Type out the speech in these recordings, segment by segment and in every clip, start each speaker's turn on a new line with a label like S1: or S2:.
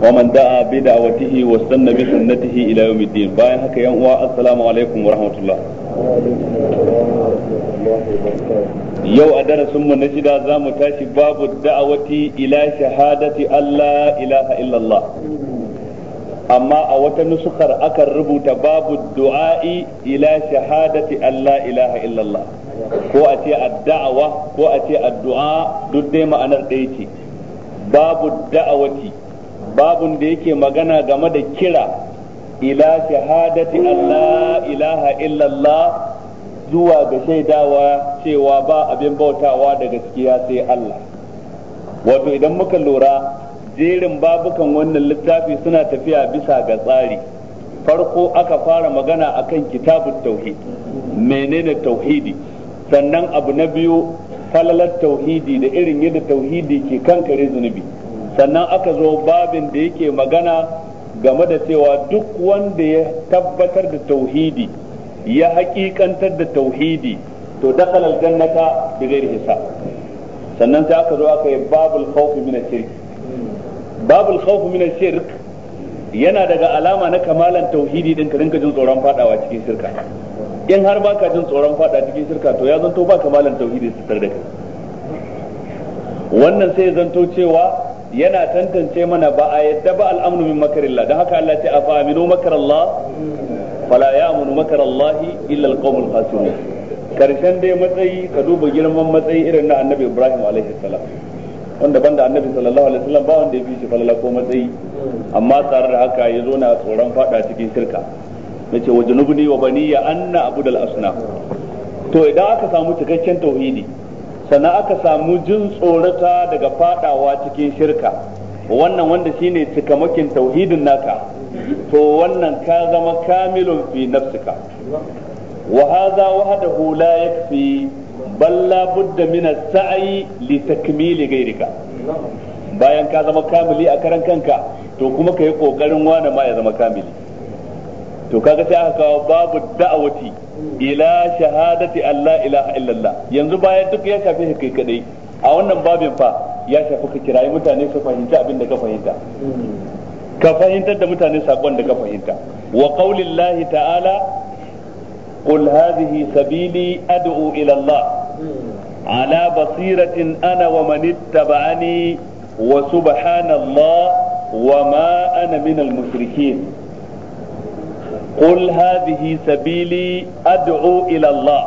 S1: wa man da'a bi da'watihi wa sanna bi sunnatihi ila yawmiddin bayan haka yan uwa assalamu wa rahmatullah yau a darasin mu na shida za tashi babu da'awati shahadati Allah ilaha illallah a wata nusukar akan rubuta babu du'a'i ila ko a ce addawa ko a ce addu'a duk dai ma'anar ɗaya ce babu da'awati babun da yake magana game da kira ila shahadati Allah ilaha illallah zuwa ga shaidawa cewa ba abin bautawa da gaskiya sai Allah wato idan muka lura jerin babukan wannan littafi suna tafiya bisa ga tsari farko aka fara magana akan kitabun tauhid menene tauhidi sannan abu na biyu falalar tauhidi da irin yadda tauhidi ke kankare zunubi sannan aka zo babin da yake magana game da cewa duk wanda ya tabbatar da tauhidi ya haƙiƙantar da tauhidi to dakhala aljannata bi ghairi hisab sannan sai aka zo aka yi babul khawfi min
S2: ash-shirk
S1: babul khawfi min ash-shirk yana daga alama na kamalan tauhidi din ka rinka jin tsoron fadawa cikin
S2: shirka
S1: in har baka jin tsoron fada cikin shirka to ya zanto ba kamalan tauhidi su tare da kai wannan sai zanto cewa yana tantance mana ba a yadda ba al'amnu min makarillah don haka Allah ce a fa'aminu makarallah fala ya ya'munu makarallahi illa alqawmul khasirun karshen dai matsayi ka duba girman matsayi irin na annabi Ibrahim alaihi salam wanda banda annabi sallallahu alaihi wasallam ba wanda ya fi shi falala ko matsayi amma tare da haka ya zo na tsoron fada cikin shirka nace wa junubni wa baniya anna abudal asna to idan aka samu cikakken tauhidi sannan aka samu jin tsorata daga fadawa cikin shirka wannan wanda shine cikamakin tauhidin naka to wannan ka zama kamilun fi nafsika wa hadha wahdahu la yakfi bal la budda min as-sa'i li takmili ghayrika bayan ka zama kamili a karan kanka to kuma kai kokarin wane ma ya zama kamili to kaga sai aka kawo babu da'awati ila shahadati Allah ilaha illallah yanzu bayan duk ya shafi kai kadai a wannan babin fa ya shafi ka kirayi mutane su fahimta abin da ka fahimta ka fahimtar da mutane sakon da ka fahimta wa qaulillahi ta'ala قل هذه سبيلي أدعو إلى الله على بصيرة أنا ومن اتبعني وسبحان الله وما أنا من المشركين قل هذه سبيلي أدعو إلى الله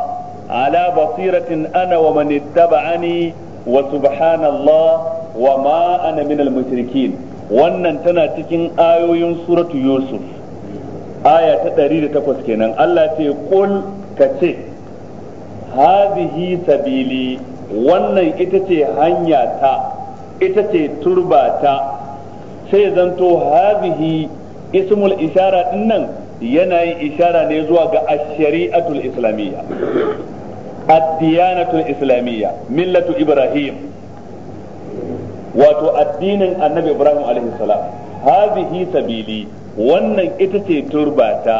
S1: على بصيرة أنا ومن اتبعني وسبحان الله وما أنا من المشركين wannan tana cikin ayoyin suratu yusuf aya ta 108 kenan Allah ce kul ka ce hazihi sabili wannan ita ce hanya ta ita ce turba ta sai zanto hazihi ismul ishara dinnan yana yin ishara ne zuwa ga ash-shari'atul islamiyya ad islamiyya millatu ibrahim wato addinin annabi ibrahim alaihi salam hadhihi sabili wannan ita ce turbata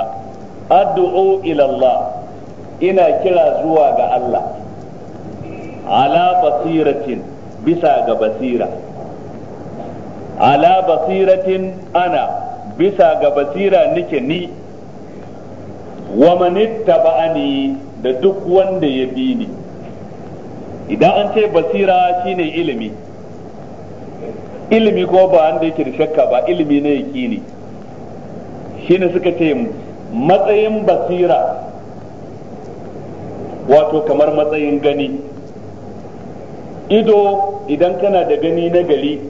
S1: addu'u ilallah ina kira zuwa ga Allah ala basiratin bisa ga basira ala basiratin ana bisa ga basira nike ni wa man ittaba'ani da duk wanda ya bi ni idan an ce basira shine ilimi ilimi ko ba wanda yake da shakka ba ilimi na yaqini shine suka ce matsayin basira wato kamar matsayin gani ido idan kana da gani na gari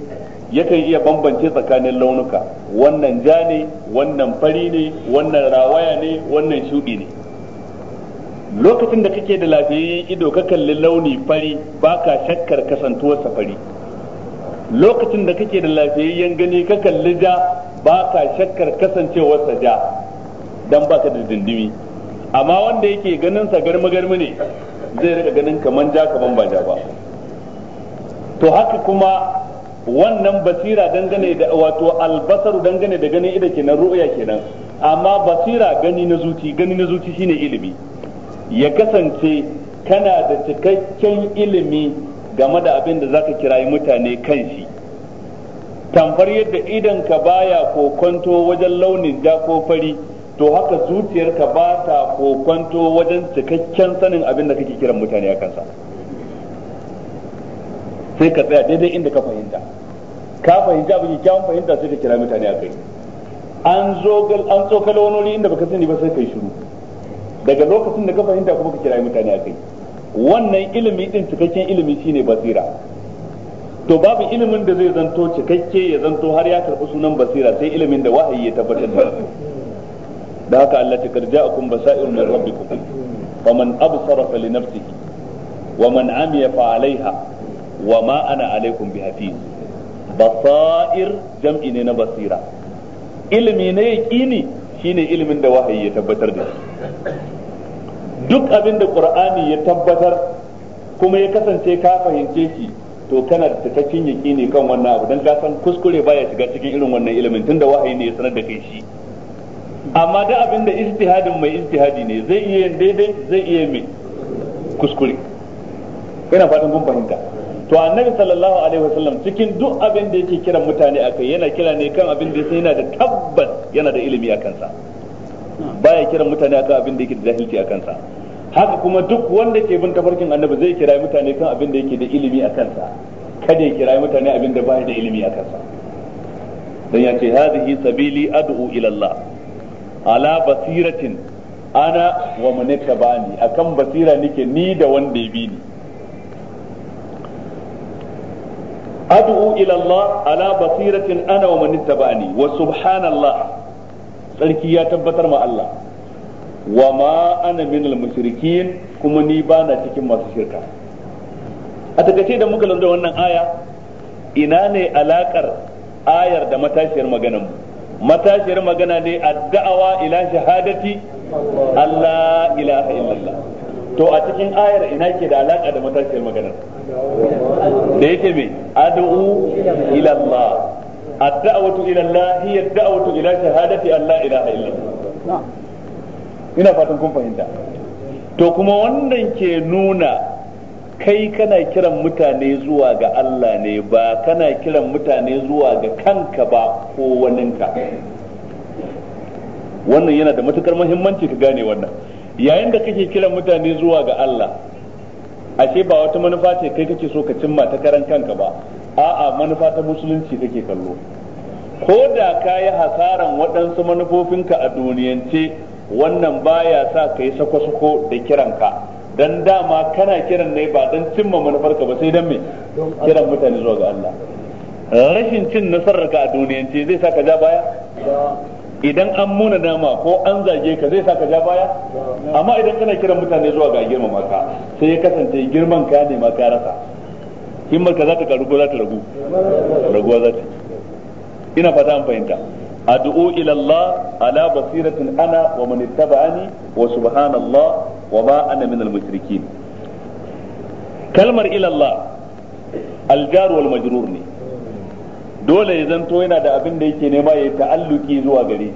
S1: yakan iya bambance tsakanin launuka wannan ja ne wannan fari ne wannan rawaya ne wannan shuɗi ne lokacin da kake da lafiyayyen ido ka kalli launi fari baka shakkar kasantuwarsa fari lokacin da kake da lafiyayyen gani ka kalli ja baka shakkar kasancewarsa ja dan baka da dindimi amma wanda yake ganin sa garma garma ne zai rika ganin kaman ja kaman ba ja ba to haka kuma wannan basira dangane da wato albasaru dangane da ganin ido kenan ru'ya kenan amma basira gani na zuci gani na zuci shine ilimi ya kasance kana da cikakken ilimi game da abin da zaka kirayi mutane kan shi tamfar yadda idanka baya kokonto wajen launin ja ko fari to haka zuciyarka ba ta kokonto wajen cikakken sanin abin da kake kiran mutane a kansa sai ka tsaya daidai inda ka fahimta ka fahimta abin kyawun fahimta sai ka kira mutane a kai an zo an tsokalo wani wuri inda baka sani ba sai kai shiru daga lokacin da ka fahimta kuma ka kira mutane a kai wannan ilimi din cikakken ilimi shine basira to babu ilimin da zai zanto cikakke ya zanto har ya karɓi sunan basira sai ilimin da wahayi ya tabbatar da da haka Allah ta karja akun basairu min rabbikum faman absara fa li nafsihi wa man amiya fa alaiha wa ma ana alaikum bi hafiz basair jam'i ne na basira ilimi na yaqini shine ilimin da wahayi ya tabbatar da duk abin da qur'ani ya tabbatar kuma ya kasance ka fahimce shi to kana da cikakken yaqini kan wannan abu dan ka san kuskure baya shiga cikin irin wannan ilimin tunda wahayi ne ya sanar da kai shi amma da abin da ijtihadin mai ijtihadi ne zai iya daidai zai iya mai kuskure ina fatan kun fahimta to annabi sallallahu alaihi wasallam cikin duk abin da yake kiran mutane akai yana kira ne kan abin da yana da tabbas yana da ilimi a kansa baya kiran mutane akan abin da yake da jahilci a kansa haka kuma duk wanda ke bin tafarkin annabi zai kira mutane kan abin da yake da ilimi a kansa kada ya kira mutane abin da baya da ilimi a kansa dan ya ce hadhihi sabili ad'u ila Allah ala basiratin ana wa man akan basira nake ni da wanda ya bi ni ad'u ila Allah ala basiratin ana wa man ittaba'ani wa subhanallah sarki ya tabbatar ma Allah wa ma ana minal mushrikin kuma ni ba na cikin masu shirka a takaice da muka lura da wannan aya ina ne alakar ayar da matashiyar maganan mu matashiyar magana ne addawa ila shahadati Allah ilaha illallah to a cikin ayar ina ke da alaka da matashiyar maganar da yake mai adu'u ilallah A ad-da'watu ila Allah hiya ad-da'watu ila shahadati an la ilaha ina fatan kun fahimta to kuma wannan ke nuna kai kana kiran mutane zuwa ga Allah ne ba kana kiran mutane zuwa ga kanka ba ko waninka wannan yana da matukar muhimmanci ka gane wannan yayin da kake kiran mutane zuwa ga Allah ashe ba wata manufa ce kai kake so ka cimma ta karan kanka ba a'a manufa ta musulunci kake kallo ko da ka yi hasaran waɗansu manufofinka a duniyance wannan baya sa ka yi sako-sako da kiranka dan dama kana kiran ne ba don cimma manufarka ba sai don me kiran mutane zuwa ga Allah rashin cin nasararka a duniyance zai sa ka ja baya idan an muna nama ko an zage ka zai sa ka ja baya amma idan kana kiran mutane zuwa ga girmama ka sai ya kasance girman ka ne ma ka rasa himmar ka za ta karu ko za ta ragu raguwa za ta ina fata an fahimta ad'u ila Allah ala basiratin ana wa man ittaba'ani wa subhanallah wa ma ana min al kalmar ila Allah al-jar wal majrur ne dole ya zanto yana da abin da yake nema ya ta'alluki zuwa gare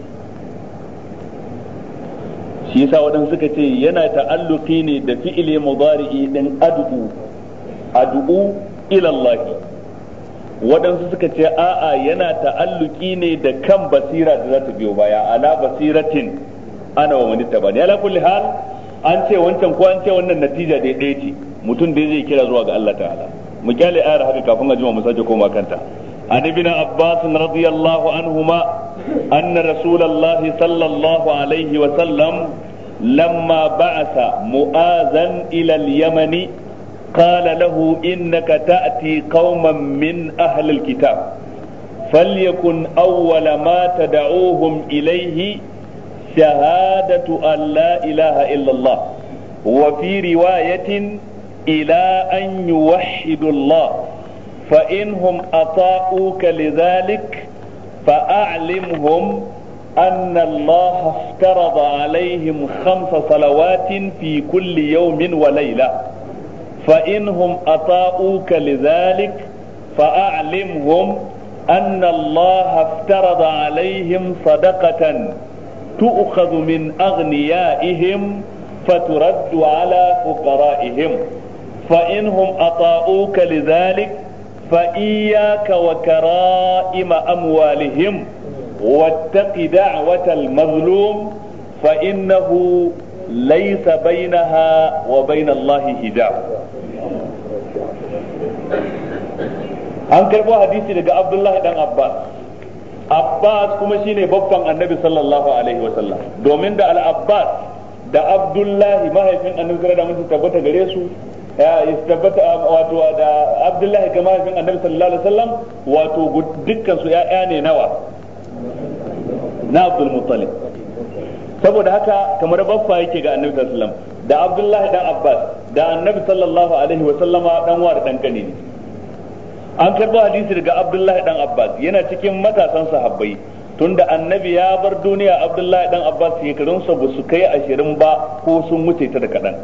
S1: shi yasa waɗansu suka ce yana ta'alluki ne da fi'ili mudari'i din ad'u ad'u ila Allah waɗansu suka ce a'a yana ta'alluki ne da kan basira da za ta biyo baya ala basiratin ana wa wani bani ala kulli hal an ce wancan ko an ce wannan natija da ɗaya ce mutum da zai kira zuwa ga Allah ta'ala mu kyale ayar haka kafin a jima mu sake koma kanta عن ابن عباس رضي الله عنهما أن رسول الله صلى الله عليه وسلم لما بعث مؤاذا إلى اليمن قال له إنك تأتي قوما من أهل الكتاب فليكن أول ما تدعوهم إليه شهادة أن لا إله إلا الله وفي رواية إلى أن يوحدوا الله فإنهم أطاؤوك لذلك فأعلمهم أن الله افترض عليهم خمس صلوات في كل يوم وليلة فإنهم أطاؤوك لذلك فأعلمهم أن الله افترض عليهم صدقة تؤخذ من أغنيائهم فترد على فقرائهم فإنهم أطاؤوك لذلك fa iyyaka wa kara'ima amwalihim wattaqi da'watal mazlum fa innahu laysa bainaha wa bainallahi hijab an karɓo hadisi daga abdullahi dan abbas abbas kuma shine babban annabi sallallahu domin da al-abbas da abdullahi mahaifin annabi da mun tabbata gare ya tabbata um, wato da Abdullahi ga mahaifin Annabi sallallahu alaihi wasallam wato dukkan su ya'ya ne nawa na Abdul Muttalib saboda haka kamar baffa yake ga Annabi sallallahu alaihi wasallam da Abdullahi dan Abbas da Annabi sallallahu alaihi wasallama dan wa dan kane ne an karbo hadisi daga Abdullahi dan Abbas yana cikin matasan sahabbai tunda annabi ya bar duniya Abdullahi dan Abbas shekarunsa ba su kai ashirin ba ko sun wuce ta da kadan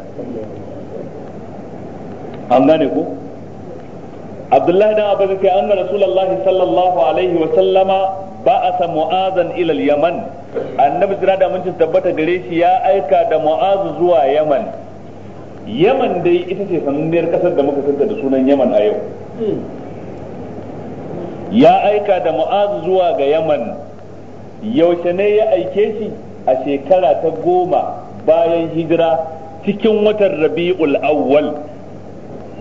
S1: an gane ko Abdullahi dan Abbas kai anna Rasulullahi sallallahu alaihi wa sallama ba'asa Mu'azan ilal yaman annabi jira da mun tabbata gare shi ya aika da Mu'az zuwa Yaman Yaman dai ita ce sananniyar kasar da muka santa da sunan Yaman a yau ya aika da Mu'az zuwa ga Yaman yaushe ne ya aike shi a shekara ta goma bayan hijira cikin watan Rabi'ul Awwal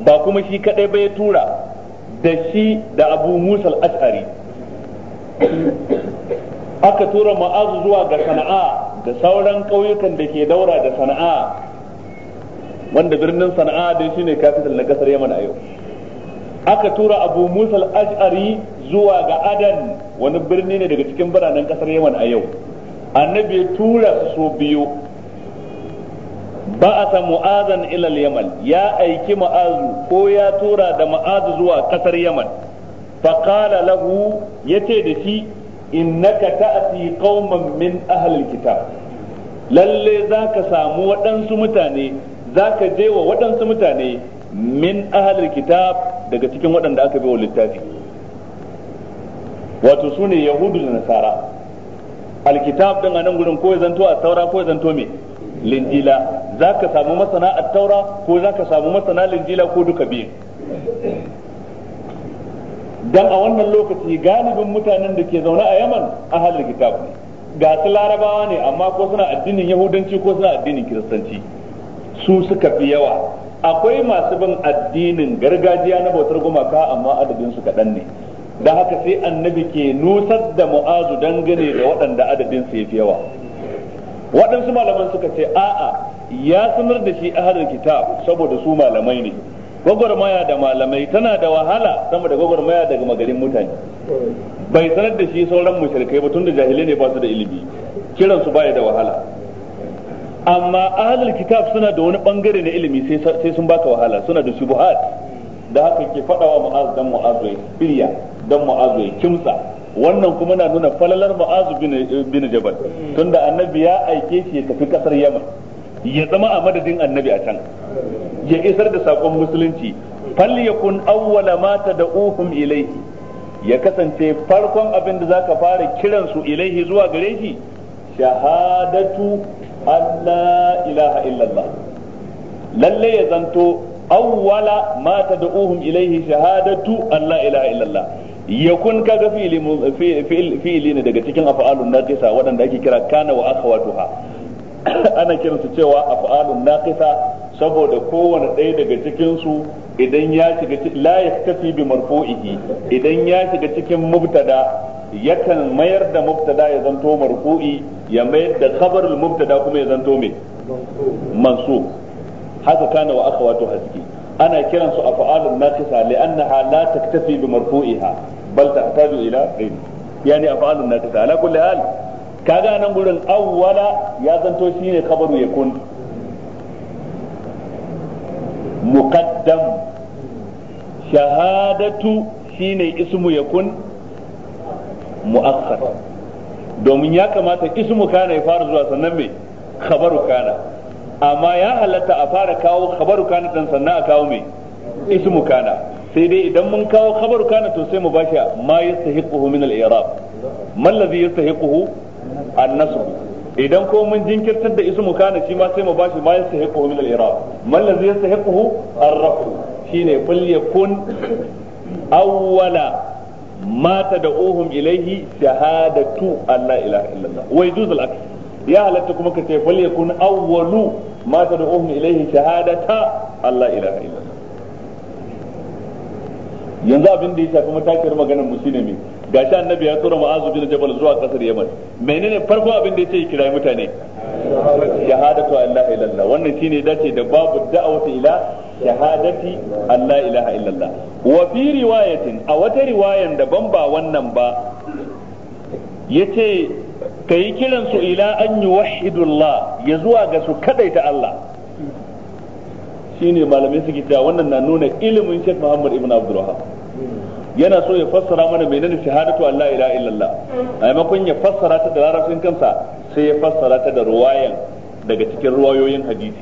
S1: ba kuma shi kadai ba ya tura da shi da abu musal ash'ari aka tura ma'azu zuwa ga sana'a da sauran ƙauyukan da ke daura da sana'a wanda birnin sana'a dai ne kafital na kasar yaman a yau aka tura abu musal ash'ari zuwa ga adan wani birni ne daga cikin biranen kasar yaman a yau annabi ya tura su biyu ba'atha mu'azan ila al-yaman ya aiki mu'azu ko ya tura da mu'azu zuwa kasar yaman fa qala lahu yace da shi innaka ta'ti qauman min ahli al-kitab lalle zaka samu waɗansu mutane zaka je wa waɗansu mutane min ahli al-kitab daga cikin waɗanda aka bi wa littafi wato sune yahudu da nasara al-kitab din a nan gurin ko ya zanto a saura ko ya zanto me linjila zaka samu masana at-taura ko zaka samu masana linjila ko duka biyu dan a wannan lokaci galibin mutanen da ke zaune a Yaman ahlul kitab ne ga su larabawa ne amma ko suna addinin yahudanci ko suna addinin kiristanci su suka fi yawa akwai masu bin addinin gargajiya na bautar gumaka amma adadin su kaɗan ne da haka sai annabi ke nusar da mu'azu dangane da waɗanda adadin su ya fi yawa waɗansu malaman suka ce a'a ya sanar da shi ahlul kitab saboda su malamai ne gwagwarmaya da malamai tana da wahala sama da gwagwarmaya daga magarin mutane bai sanar da shi sauran mushrikai ba tunda jahilai ne ba su da ilimi kiran su baya da wahala amma ahlul kitab suna da wani bangare na ilimi sai sun baka wahala suna da shubuhat da haka ke faɗawa mu'az dan mu'az firya dan mu'az kimsa wannan kuma na nuna falalar ma'azu bin jabal tunda annabi ya aike shi ya tafi kasar yaman ya zama a madadin annabi a can ya isar da sakon musulunci falyakun awwala ma tad'uhum ilayhi ya kasance farkon abin da zaka fara kiran su ilaihi zuwa gare shi shahadatu alla ilaha illallah lalle ya zanto awwala ma tad'uhum ilayhi shahadatu alla ilaha illallah yakun kaga fi'ili fi'ili ne daga cikin af'alun naqisa waɗanda ake kira kana wa akhawatuha ana kiransu cewa af'alun naqisa saboda kowane ɗaya daga cikin su idan ya shiga la yaktafi bi marfu'ihi idan ya shiga cikin mubtada yakan mayar da mubtada ya zanto marfu'i ya mayar da khabarul mubtada kuma ya zanto mai mansub haka kana wa akhawatuha suke ana kiran su af'alun naqisa li'annaha la taktafi bi marfu'iha bal tahtaju ila ghairi yani af'alun naqisa ala kulli hal kaga nan gurin awwala ya zanto shine ya kun? muqaddam shahadatu shine ismu kun? Mu'akkar domin ya kamata ismu kana ya fara zuwa sannan me khabaru kana amma ya halatta a fara kawo khabaru kana dan sannan a kawo mai ismu kana sai dai idan mun kawo khabaru kana to sai mu bashi ma yastahiquhu min al-i'rab man ladhi yastahiquhu an-nasb idan ko mun jinkirtar da ismu kana shi ma sai mu bashi ma yastahiquhu min al-i'rab man ladhi yastahiquhu ar-raf'u shine fal yakun awwala ma tad'uhum ilayhi shahadatu an la ilaha illallah wa yujuz al-aks ya halatta kuma ka ce fal yakun awwalu ma tad'uhum ilayhi shahadata Allah ilaha illallah yanzu abin da ya shafi matakiyar maganar mu shine me gashi annabi ya tsora ma'azu bin jabal zuwa kasar yaman menene farko abin da ya kira mutane shahadatu Allah ilallah wannan shine dace da babu da'awati ila shahadati Allah ilaha illallah wa fi riwayatin a wata riwayan daban ba wannan ba yace Ka yi kiransu ila an wahidullah ya zuwa ga su kadaita Allah ne malamai suke cewa wannan na nuna ilimin Sheikh Muhammad ibn Abdul yana so ya fassara mana menene shahadatu Allah ila illallah a maimakon ya fassara ta da larabcin kansa sai ya fassara ta da ruwayan daga cikin ruwayoyin hadisi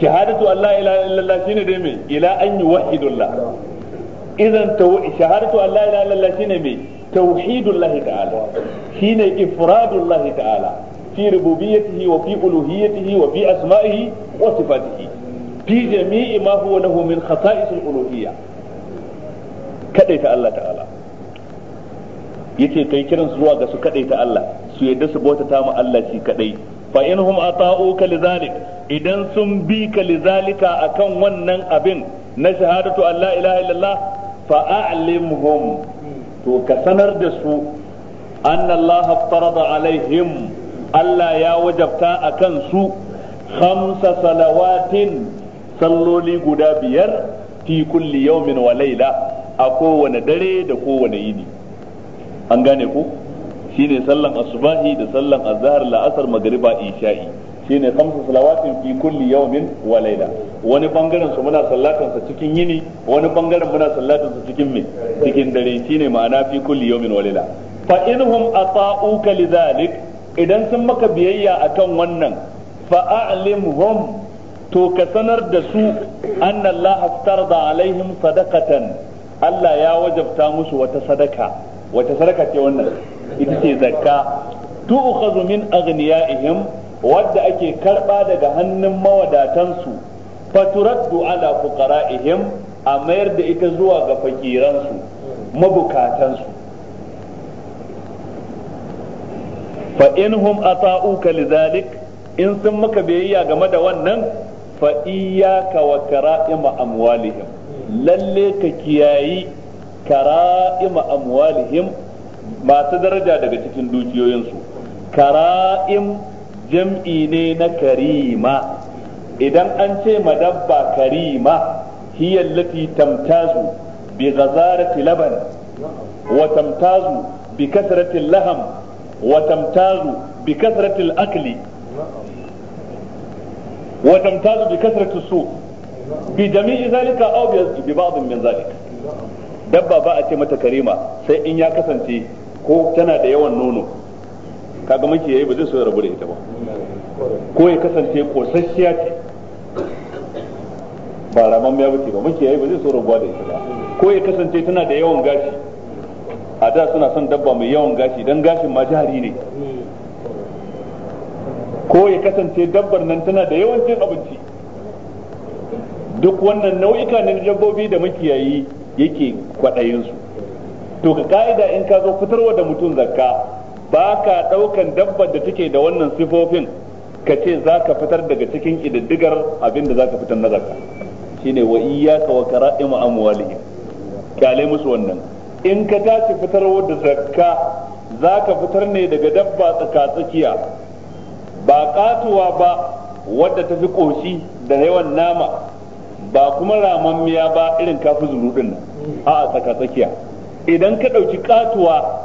S1: shahadatu Allah ila illallah shine dai me ila an wahidullah. idan shahadatu Allah ila illallah shine me tauhidullah ta'ala shine ifradullah ta'ala fi rububiyyatihi wa fi uluhiyyatihi wa fi asma'ihi wa sifatihi fi jami'i ma huwa lahu min khasa'is al-uluhiyya kadaita Allah ta'ala yace kai kiran zuwa ga su kadaita Allah su yadda su bautata ma Allah shi kadai fa inhum ata'uka lidhalik idan sun bi ka lidhalika akan wannan abin na shahadatu Allah ilaha illallah fa a'limhum to ka sanar da su anna Allah farada alaihim Allah ya wajabta a kansu khamsa salawatin salloli guda biyar fi kulli yawmin wa laila a kowane dare da kowane yini an gane ko shine sallan asubahi da sallan azhar la'asar magriba isha'i shine kamsa salawatin fi kulli yawmin wa laila wani bangaren su muna sallatan sa cikin yini wani bangaren muna sallatan sa cikin me cikin dare shine ma'ana fi kulli yawmin wa laila fa inhum ata'uka lidhalik idan sun maka biyayya akan wannan fa a'limhum to ka sanar da su anna Allah aftarda alaihim sadaqatan Allah ya wajabta musu wata sadaka wata sadaka ce wannan ita ce zakka tu'khadhu min aghniyaihim wadda ake karba daga hannun mawadatansu faturaddu ala fuqara'ihim a mayar da ita zuwa ga fakiransu mabukatansu fa hum ata'uka lidhalik in sun maka biyayya game da wannan fa iyyaka wa kara'ima amwalihim lalle ka kiyayi karaim amwalihim masu daraja daga cikin dukiyoyinsu kara'im jam'i ne na karima idan an ce madabba karima hiya allati tamtazu bi ghazarati laban wa tamtazu bi kasrati laham wa tamtazu bi kasratil akli wa tamtazu bi kasratis su bi jami'i zalika aw bi ba'd min zalika dabba ba a ce mata karima sai in ya kasance ko tana da yawan nono kaga miki yayi ba zai so ya rabu da ita ba ko ya kasance kosasshiya ce ba raman ya bace ba miki yayi ba zai so rabuwa da ita ba ko ya kasance tana da yawan gashi a da suna son dabba mai yawan gashi don gashin ma jari ne ko ya kasance dabbar nan tana da yawancin abinci duk wannan nau'ika na dabbobi da makiyayi yake kwaɗayinsu to ka ka'ida in ka zo fitarwa da mutum zakka ba ka ɗaukan dabbar da take da wannan sifofin ka ce za ka fitar daga cikin ƙididdigar abin da za ka fitar na zakka shine wa iyyaka wa kara'ima amwalihim kyale musu wannan in ka tashi fitarwar da zakka za ka fitar ne daga dabba tsakatsakiya ba katuwa ba wadda ta fi ƙoshi da yawan nama ba kuma ramammiya ba irin kafi zurudin nan a tsakatsakiya idan ka ɗauki katuwa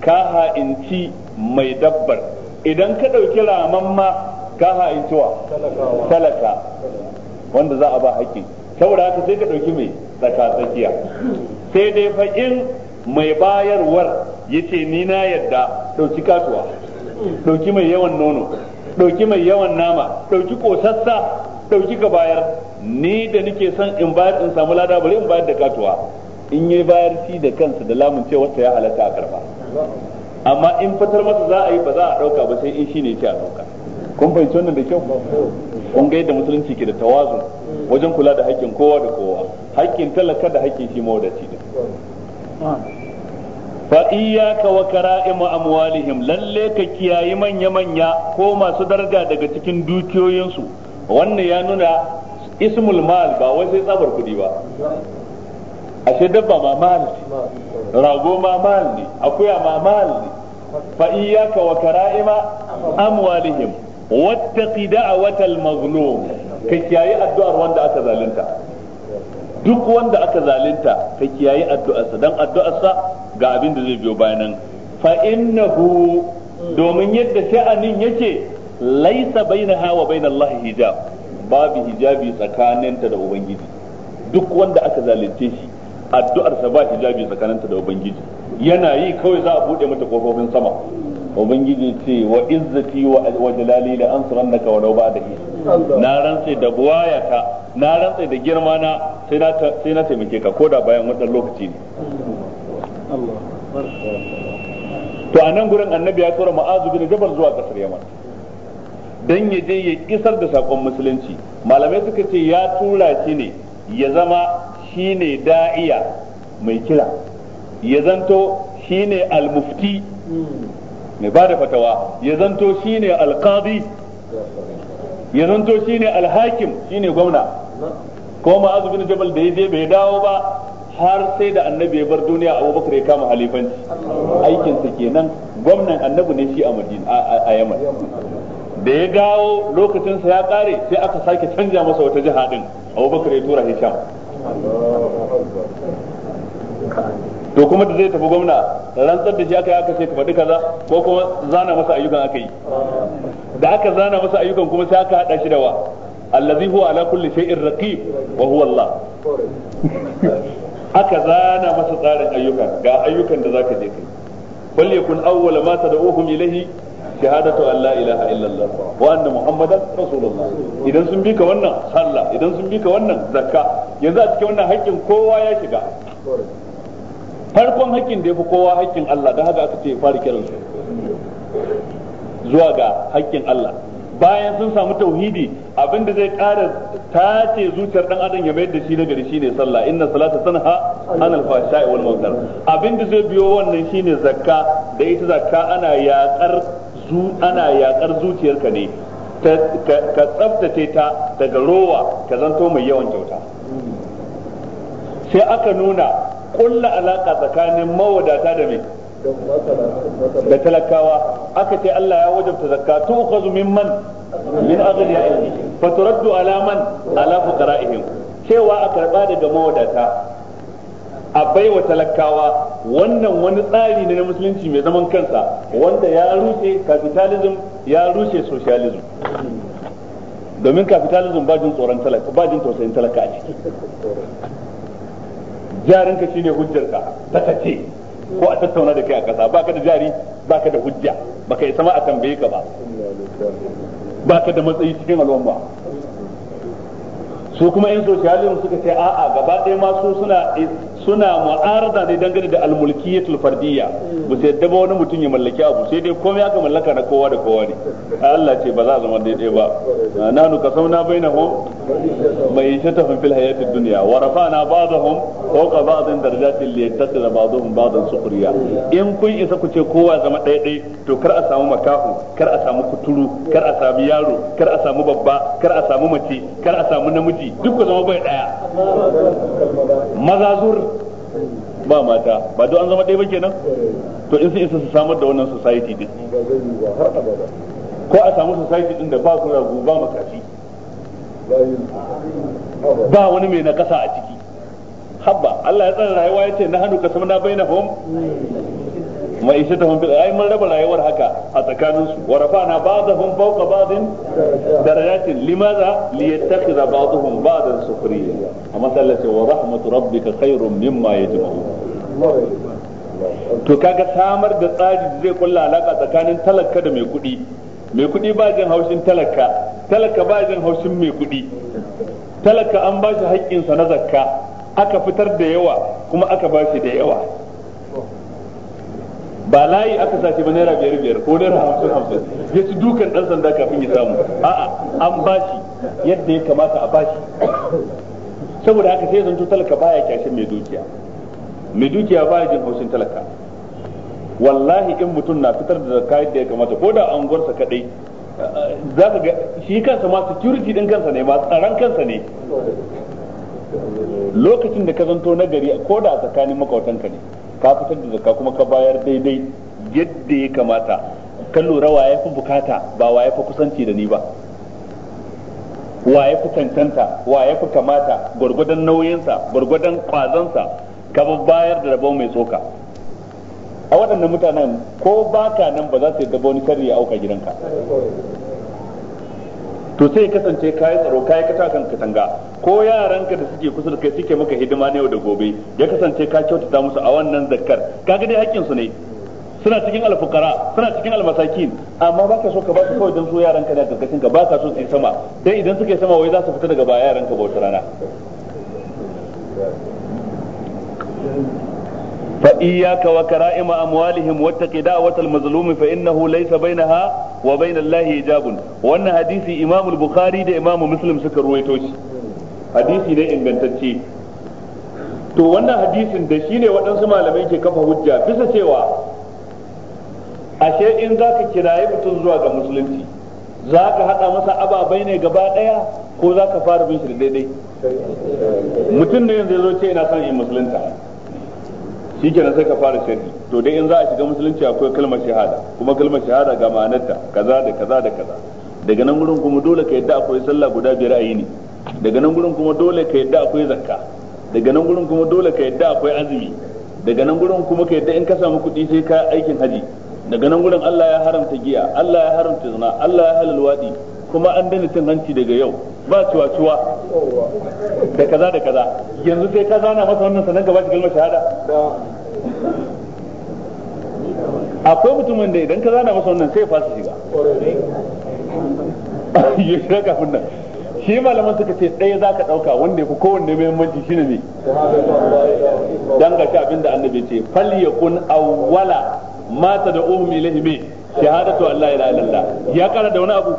S1: ka ha'inci mai dabbar idan ka ɗauki ramamma ka ha'inci wa talaka wanda za a ba haƙƙi saboda haka sai ka ɗauki mai tsakatsakiya sai dai fa in mai bayarwar yace ni na yadda dauki katuwa dauki mai yawan nono dauki mai yawan nama dauki kosassa dauki ka bayar ni da nake son in bayar in samu lada bari in bayar da katuwa in yi bayar shi da kansa da lamun wata ya halatta a karba amma in fitar masa za a yi ba za a ɗauka ba sai in shine yake a dauka kun fahimci wannan da kyau kun ga yadda musulunci ke da tawazu wajen kula da haƙƙin kowa da kowa haƙƙin talaka da haƙƙin shi mawadaci fa iyyaka wa kara'im amwalihim lalle ka kiyayi manya manya ko masu daraja daga cikin dukiyoyinsu wannan ya nuna ismul mal ba wai sai tsabar kudi ba ashe dabba ma mal ne rago ma mal ne akuya ma mal ne fa iyyaka wa kara'ima amwalihim wattaqi da'watal mazlum ka kiyayi addu'ar wanda aka zalunta duk wanda aka zalunta ka kiyaye addu'arsa dan addu'arsa ga abin da zai biyo bayan nan fa innahu domin yadda sha'anin yake laisa bainaha wa bainallahi hijab babu hijabi tsakaninta da ubangiji duk wanda aka zalunce shi addu'arsa ba hijabi tsakaninta da ubangiji yana yi kawai za a bude mata kofofin sama ubangiji ce wa izzati wa jalali la ansurannaka wa ba da na rantse da buwayata na rantse da girma na sai na taimake ka koda bayan wannan lokaci ne to a nan gurin annabi ya tura ma'azu bin jabal zuwa kasar yaman dan ya je ya isar da sakon musulunci malamai suka ce ya tura shi ne ya zama shine da'iya mai kira ya zanto shine almufti mai ba da fatawa ya zanto ne alqadi ya zanto ne alhakim ne gwamna ko ma'azu bin jabal da ya je bai dawo ba har sai da annabi ya bar duniya abubakar ya kama halifanci aikinsa kenan gwamnan annabi ne shi a madina a yaman da ya dawo lokacinsa ya kare sai aka sake canja masa wata jiha din abubakar ya tura hisham to kuma da zai tafi gwamna rantsar da shi aka yi aka ce ka faɗi kaza ko kuma zana masa ayyukan aka yi da aka zana masa ayyukan kuma sai aka haɗa shi da wa allazi huwa ala kulli shay'in raqib wa huwa Allah aka zana masa tsarin ayyukan ga ayyukan da zaka je kai bal yakun awwala ma tad'uhum ilayhi shahadatu an la ilaha illallah wa anna muhammadan rasulullah idan sun bi ka wannan sallah idan sun bi ka wannan zakka yanzu a cikin wannan haƙƙin kowa ya shiga farkon hakkin da ya fi kowa hakkin Allah don haka aka ce ya fara kiran su zuwa ga hakkin Allah bayan sun samu tauhidi abinda zai ƙara tace zuciyar dan adam ya mayar da shi na gari shine sallah inna salata tanha anil fahsha'i wal munkar abinda zai biyo wannan shine zakka da ita zakka ana yaƙar zu ana yakar zuciyarka ne ka tsaftace ta daga rowa ka zanto mai yawan kyauta sai aka nuna kulla alaka tsakanin mawadata da mai da talakawa aka ce Allah ya wajabta zakka tu'khadhu mimman min aghniyaihim fa turaddu ala man ala fuqara'ihim cewa a karba daga mawadata a baiwa talakawa wannan wani tsari ne na musulunci mai zaman kansa wanda ya rushe capitalism ya rushe socialism domin capitalism ba jin tsoron talaka ba jin tausayin talaka a ciki jarin ka shine hujjarka ce ko a tattauna da kai a kasa baka da jari baka da hujja baka isa ma a tambaye ka ba baka da matsayi cikin al'umma su kuma yan sosiyalin suka ce a'a gaba ɗaya ma su suna suna mu'arada ne dangane da almulkiyatul fardiyya ba sai da wani mutum ya mallaki abu sai dai komai aka mallaka na kowa da kowa ne Allah ce ba za a zama daidai ba nanu baina bainahum mai shatafin fil hayatid dunya wa rafa'na ba'dahum fawqa ba'din darajatin yattaqida ba'dahum ba'dan sukhriya in kun isa ku ce kowa zama daidai to kar a samu makahu kar a samu kuturu kar a samu yaro kar a samu babba kar a samu mace kar a samu namiji duk ku zama bai daya maza zur ba mata ba duk an zama ɗaya ba kenan to in sun isa su samar da wannan society din ko a samu society din da ba guragu ba makafi ba wani mai kasa a ciki habba Allah ya tsara rayuwa ya ce na hannu kasam na bainahum ma'ishatahum bil ai mun raba rayuwar haka a tsakanin su wa rafa'na ba'dahum fawqa ba'din darajatin limaza liyattakhidha ba'dahum ba'dan sukhriya a Allah wa rahmatu rabbika khairum mimma yajma'un to kaga samar da tsari zai kulla alaka tsakanin talaka da mai kuɗi mai kuɗi ba jin haushin talaka talaka ba jin haushin mai kuɗi talaka an ba shi haƙƙinsa na zakka aka fitar da yawa kuma aka ba shi da yawa ba layi aka sace ba naira biyar biyar ko naira hamsin hamsin ya ci dukan dan sanda kafin ya samu a'a an bashi yadda ya kamata a bashi saboda haka sai zanto talaka baya kyashin mai dukiya mai dukiya baya jin haushin talaka wallahi in mutum na fitar da zakka yadda ya kamata ko da anguwarsa kadai za ka ga shi kansa ma security din kansa ne ma tsaron kansa ne lokacin da ka zanto nagari ko da tsakanin makautanka ne ka fitar da zakka kuma ka bayar daidai yadda ya kamata ka lura wa ya fi bukata ba wa ya fi kusanci da ni ba wa ya fi cancanta wa ya fi kamata gwargwadon nauyinsa gwargwadon kwazansa ka bayar da rabon mai tsoka a waɗannan mutanen ko baka nan ba za su yi dabo wani sharri ya auka gidanka to sai kasance kayi tsaro kayi kata kan katanga ko yaranka da suke kusa da kai suke maka hidima na yau da gobe ya kasance ka kyautata musu a wannan zakkar kaga dai haƙƙin su ne suna cikin alfukara suna cikin almasakin amma ba ka so ka ba su kawai don su ka ne a ba ka so su yi sama dai idan suka yi sama wai za su fita daga baya yaran ba wata rana fa iyyaka wa kara'ima amwalihim wattaqi da'watal mazlumi fa innahu laysa bainaha wa bainallahi hijabun wannan hadisi Imam bukhari da Imam Muslim suka ruwaito shi hadisi ne ingantacce to wannan hadisin da shine waɗansu malamai ke kafa hujja bisa cewa ashe in zaka kiraye mutun zuwa ga musulunci zaka hada masa ababai ne gaba daya ko zaka fara bin shi daidai mutum ne yanzu ya zo ce ina son in musulunta kenan sai ka fara sharri to dai in za a shiga musulunci akwai kalmar shahada kuma kalmar shahada ga ma'anarta kaza da kaza da kaza daga nan gurin kuma dole ka yadda akwai sallah guda biyar a yi ne daga nan gurin kuma dole ka yadda akwai zakka daga nan gurin kuma dole ka yadda akwai azumi daga nan gurin kuma ka yadda in ka samu kuɗi sai ka aikin haji daga nan gurin Allah ya haramta giya Allah ya haramta zina Allah ya halal wadi kuma an dana cin hanci daga yau ba cuwa-cuwa da kaza da kaza yanzu sai ka zana masa wannan sannan gaba shi kalmar shahada akwai mutumin da idan ka zana masa wannan sai fasa shiga ya shiga kafin nan shi malaman suka ce ɗaya za ka ɗauka wanda ya fi kowanne muhimmanci shine ne dan ga shi abin da annabi ce fal yakun awwala mata da uhum ilahi shahadatu Allah ila ilallah ya kara da wani abu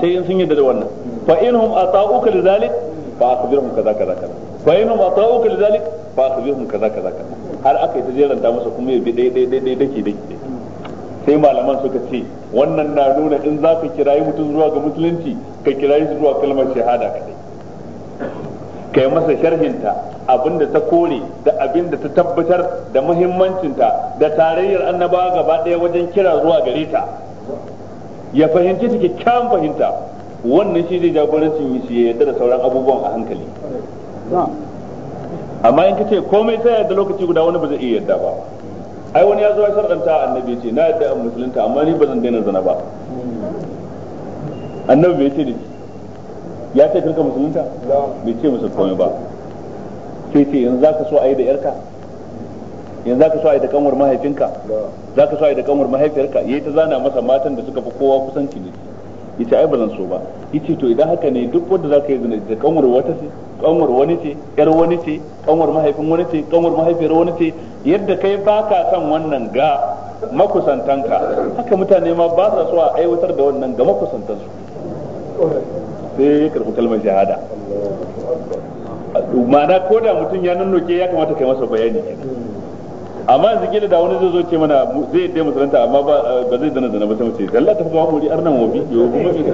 S1: sai in sun yadda da wannan fa inhum ata'uka lidhalik fa akhbirhum kaza kaza kaza fa inhum ata'uka lidhalik fa akhbirhum kaza kaza kaza har aka yi ta jeranta masa kuma ya bi dai dai dai dai dake dake sai malaman suka ce wannan na nuna in za ka kirayi mutum zuwa ga musulunci ka kirayi zuwa kalmar shahada kadai kai masa sharhinta abinda ta kore da abinda ta tabbatar da muhimmancinta da tarayyar annabawa gaba ɗaya wajen kira zuwa gare ta ya fahimci ta kyakkyawan fahimta wannan shi zai jagorancin yi shi ya yarda da sauran abubuwan a hankali amma in kace komai ta yarda lokaci guda wani ba zai iya yarda ba ai wani ya zo ya sarkanta annabi ce na yarda an musulunta amma ni ba zan daina zana ba annabi bai ce da shi ya ce kirka musulunta bai ce musu komai ba sai ce yanzu zaka so a yi da yarka yanzu zaka so a yi da kanwar mahaifinka Za ka so a yi da kanwar mahaifiyarka ya yi ta zana masa matan da suka fi kowa kusanci da ya ce ai bazan so ba ya ce to idan haka ne duk wanda zaka yi zina da kanwar wata ce kanwar wani ce yar wani ce kanwar mahaifin wani ce kanwar mahaifiyar wani ce yadda kai baka son wannan ga makusantanka haka mutane ma ba sa so a aiwatar da wannan ga makusantansu sai ya karɓi kalmar shahada ma'ana ko da mutum ya nannoke ya kamata kai masa bayani amma yanzu kila da wani zai zo ce mana zai yadda musulunta amma ba zai zana zana ba sai mace ce Allah ta kuma hakuri arna wabi yau kuma sai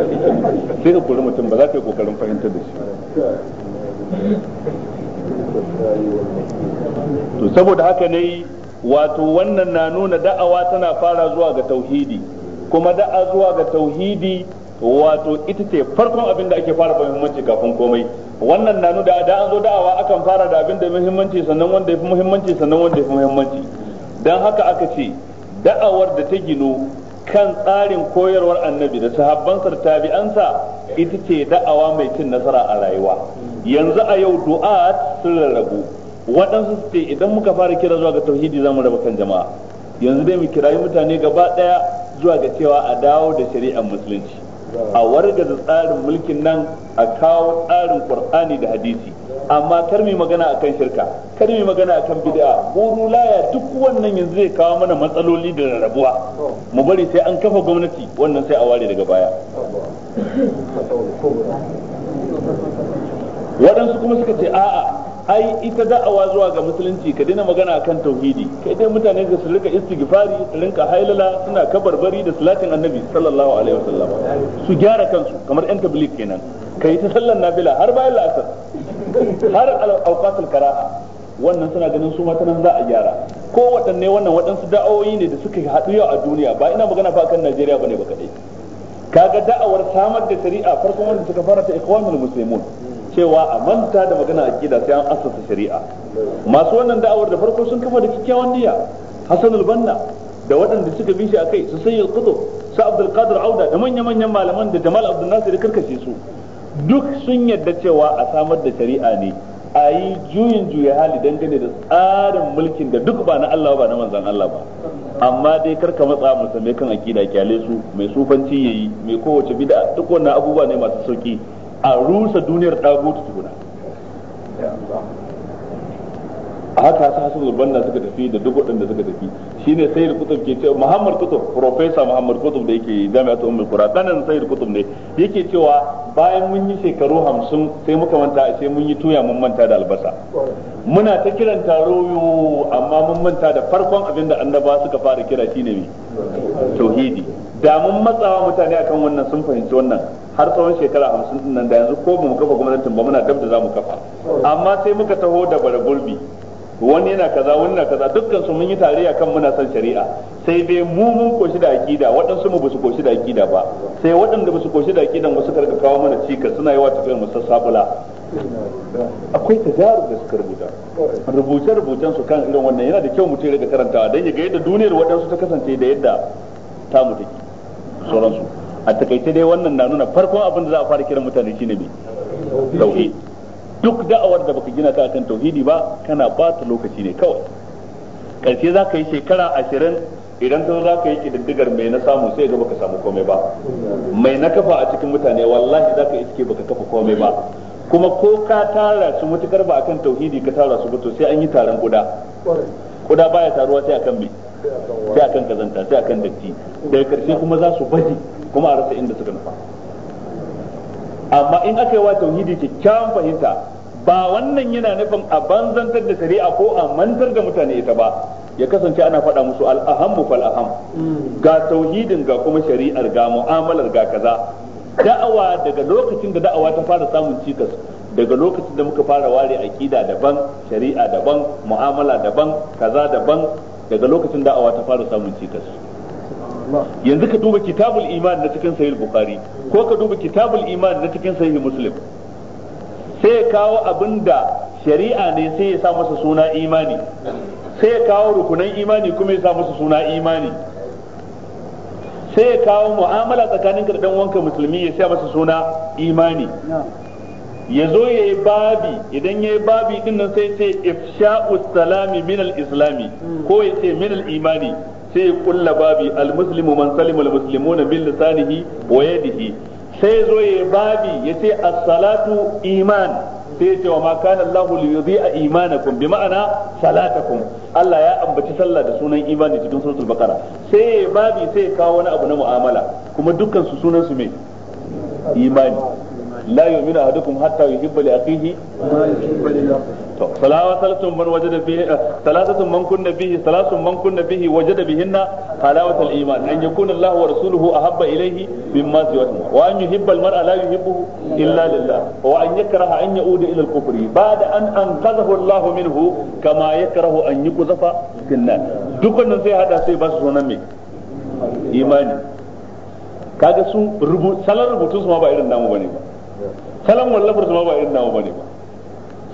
S1: ka kori mutum ba za ka yi kokarin fahimtar da shi to saboda haka ne wato wannan na nuna da'awa tana fara zuwa ga tauhidi kuma da'a zuwa ga tauhidi wato ita ce farkon abin da ake fara muhimmanci kafin komai wannan na nuna da an zo da'awa akan fara da abin da muhimmanci sannan wanda yafi muhimmanci sannan wanda yafi muhimmanci dan haka aka ce da'awar da ta gino kan tsarin koyarwar annabi da sahabbansa da tabi'ansa ita ce da'awa mai cin nasara a rayuwa yanzu a yau du'at sun rarrabu waɗansu su ce idan muka fara kira zuwa ga tauhidi za mu raba kan jama'a yanzu dai mu kirayi mutane gaba ɗaya zuwa ga cewa a dawo da shari'ar musulunci a wargaza tsarin mulkin nan a kawo tsarin qur'ani da hadisi amma kar mu magana akan shirka kar mu magana akan bid'a guru laya duk wannan yanzu zai kawo mana matsaloli da rarrabuwa mu bari sai an kafa gwamnati wannan sai a ware daga baya waɗansu kuma suka ce a'a ai ita da'awa zuwa ga musulunci ka daina magana akan tauhidi kai dai mutane da su rika istighfari su rinka hailala suna kabarbari da salatin annabi sallallahu alaihi wasallam su gyara kansu kamar yan tabligh kenan kai ta sallar nafila har bayan la'asar har al karaha wannan suna ganin su ma nan za a gyara ko waɗanne wannan waɗansu da'awoyi ne da suka haɗu yau a duniya ba ina magana fa kan Najeriya bane ba kadai kaga da'awar samar da shari'a farkon wanda suka fara ta ikhwanul muslimun cewa a manta da magana aqida sai an asasa shari'a masu wannan da'awar da farko sun kafa da kikkiawan niyya Hassan al-Banna da waɗanda suka bi shi akai su sayyid qutb su Abdul Qadir Auda da manya-manyan malaman da Jamal Abdul Nasir karkashe su duk sun yarda cewa a samar da shari'a ne a yi juyin juya hali dangane da tsarin mulkin da duk ba na Allah ba na manzan Allah ba amma dai karka matsa musulmai kan akida kyale su mai sufanci yayi mai kowace bid'a duk wannan abubuwa ne masu sauki a rusa duniyar dagutu tukuna a haka sa hasu banna suka tafi da duk waɗanda suka tafi shine da kutub ke cewa muhammad kutub professor muhammad kutub da yake jami'atu ummul qura kanan da kutub ne yake cewa bayan mun yi shekaru 50 sai muka manta sai mun yi tuya mun manta da albasa muna ta kiran taro amma mun manta da farkon abin da annaba suka fara kira shine me tauhidi da mun matsawa mutane akan wannan sun fahimci wannan har tsawon shekara hamsin din nan da yanzu ko mu kafa gwamnatin ba muna dab da za mu kafa amma sai muka taho da bara gurbi wani yana kaza wani na kaza dukkan su mun yi tarayya kan muna son shari'a sai dai mu mun koshi da akida waɗansu mu basu koshi da akida ba sai waɗanda basu koshi da akidan wasu karka kawo mana cika suna yi wa tafiyar mu sabula. akwai tajarub da suka rubuta rubuce rubucen su kan irin wannan yana da kyau mutum ya rika karantawa dan ya ga yadda duniyar waɗansu ta kasance da yadda ta mutu sauransu a takaice dai wannan na nuna farkon abin da za a fara kiran mutane shine me tauhid duk da'awar da baka gina ta kan tauhidi ba kana bata lokaci ne kawai karshe za ka yi shekara ashirin idan ka za ka yi kididdigar mai na samu sai ga baka samu komai ba mai na kafa a cikin mutane wallahi za ka iske baka kafa komai ba kuma ko ka tara su mutukar ba akan tauhidi ka tara su ba to sai an yi taron kuda kuda baya taruwa sai akan me sai akan kazanta sai akan datti daga karshe kuma za su baje kuma a rasa inda suka nufa amma in aka yi wa tauhidi kyakkyawan fahimta ba wannan yana nufin a banzantar da shari'a ko a mantar da mutane ita ba ya kasance ana faɗa musu al'aham mu fal'aham. Hmm. ga tauhidin ga kuma shari'ar ga mu'amalar ga kaza da'awa daga lokacin da da'awa ta fara samun cikas daga lokacin da muka fara ware ƙida daban shari'a daban mu'amala daban kaza daban daga lokacin da'awa ta fara samun cikas yanzu ka duba kitabul iman na cikin sahih bukhari ko ka duba kitabul iman na cikin sahih muslim sai ya kawo abinda shari'a ne sai ya sa masa suna imani sai ya kawo rukunan imani kuma ya sa masa suna imani sai ya kawo mu'amala tsakanin ka dan wanka musulmi ya sa masa suna imani ya zo ya yi babi idan ya yi babi ɗin nan sai ce ifsha'u salami min al-islami ko ya ce min al-imani sai ya kulla babi almuslimu man salimul muslimuna min lisanihi wa yadihi sai zo ya babi ya ce as-salatu iman sai ce wa ma kana Allahu li yudhi'a imanakum bi ma'ana salatakum Allah ya ambaci sallah da sunan imani cikin suratul baqara sai ya babi sai ya kawo wani abu na mu'amala kuma dukkan su sunan su me imani la yu'minu ahadukum hatta yuhibba li akhihi to man wajada bihi salatun man kunna bihi salatun man kunna bihi wajada bihinna iman wa an yuhibba al-mar'a la sai hada sai ba su sunan me imani kaga su rubu salar rubutun su ma ba irin namu bane ba salon wallafar su ma ba irin nawa bane ba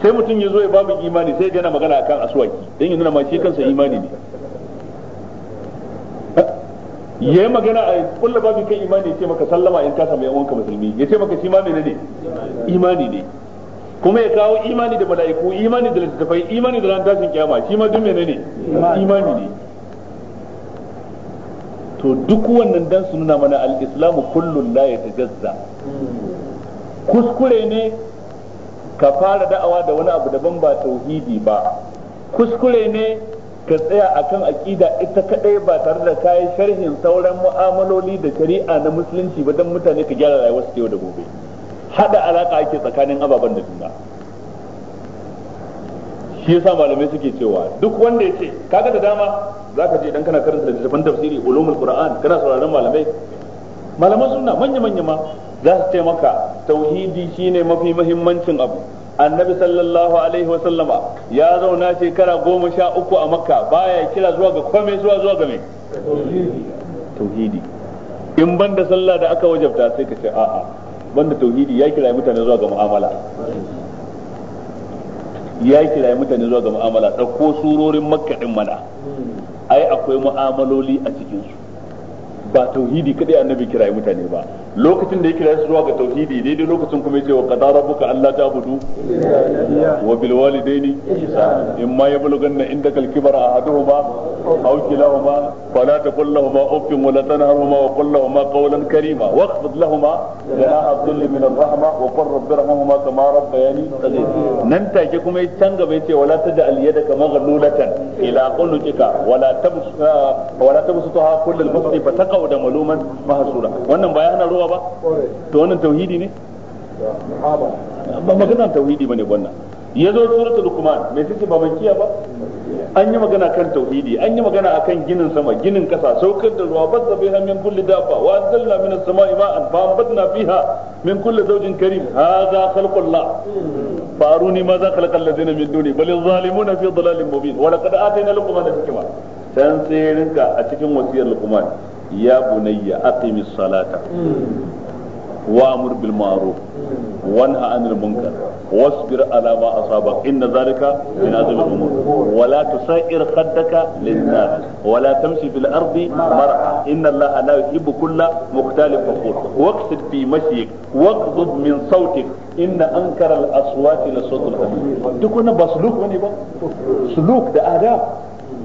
S1: sai mutum ya zo ya mu imani sai yana magana akan aswaki dan yanzu ma shi kansa imani ne ya yi magana a kulla babu kai imani ya ce maka sallama in ka samu yan uwanka musulmi ya ce maka shi ma ne imani ne kuma ya kawo imani da mala'iku imani da littattafai imani da ran tashin kiyama shi ma duk menene imani ne to duk wannan dan su nuna mana al-islamu kullun la yatajazza kuskure ne ka fara da'awa da wani abu daban ba tauhidi ba kuskure ne ka tsaya a akan aƙida ita kadai ba tare da kayi sharhin sauran mu'amaloli da shari'a na musulunci ba don mutane ka gyara rayuwar su yau da gobe hada alaka ake tsakanin ababen da juna shi yasa malamai suke cewa duk wanda ya ce kaga da dama zaka je idan kana karanta littattafan tafsiri ulumul qur'an kana sauraron malamai malaman sunna manya manya ma za su ce maka tauhidi shine mafi muhimmancin abu annabi sallallahu alaihi wa sallama ya zauna shekara goma sha uku a makka baya kira zuwa ga komai zuwa zuwa ga me tauhidi in banda sallah da aka wajabta sai ka ce a'a banda tauhidi ya kira mutane zuwa ga mu'amala ya kira mutane zuwa ga mu'amala ɗauko surorin makka din mana ai akwai mu'amaloli a cikin su ba tauhidi kadai annabi kira mutane ba lokacin da ya kira su zuwa ga tauhidi daidai lokacin kuma yace wa qadara rabbuka alla ta'budu wa bil walidaini in ma yablughanna indaka al kibara ahaduhuma aw kilahuma fala taqul lahumā uffin wa la tanharhumā wa qul lahumā qawlan karīmā waqfid lahumā janāha dhilli min ar rahma wa qur rabbi irhamhumā kamā rabbayani saghīra nan take kuma ya can gaba yace wala taj'al yadaka maghlulatan ila qulqika wala tabsu wala tabsutuha kullal basti fataqawda maluman mahsura wannan bayanan kowa ba to wannan tauhidi ne ba magana tauhidi bane wannan zo suratul luqman me suke ba mankiya ba an yi magana kan tauhidi an yi magana akan ginin sama ginin kasa saukar da ruwa bazza ha min kulli dafa wa anzalna min as-sama'i ma'an fa anbatna fiha min kulli zawjin karim hadha faru faruni ma za khalaqal zina min duni bal zalimuna fi dhalalin mubin wa laqad atayna luqmana hikma san sai rinka a cikin wasiyar luqman ya bunayya aqimis salata wa amur bil ma'ruf وانهى عن المنكر واصبر على ما اصابك ان ذلك من عزم الامور ولا تسائر خدك للناس ولا تمشي في الارض مرحا ان الله لا يحب كل مختال فخور واقصد في مشيك واغضض من صوتك ان انكر الاصوات لصوت الحمير duk wannan ba suluk bane ba suluk da adab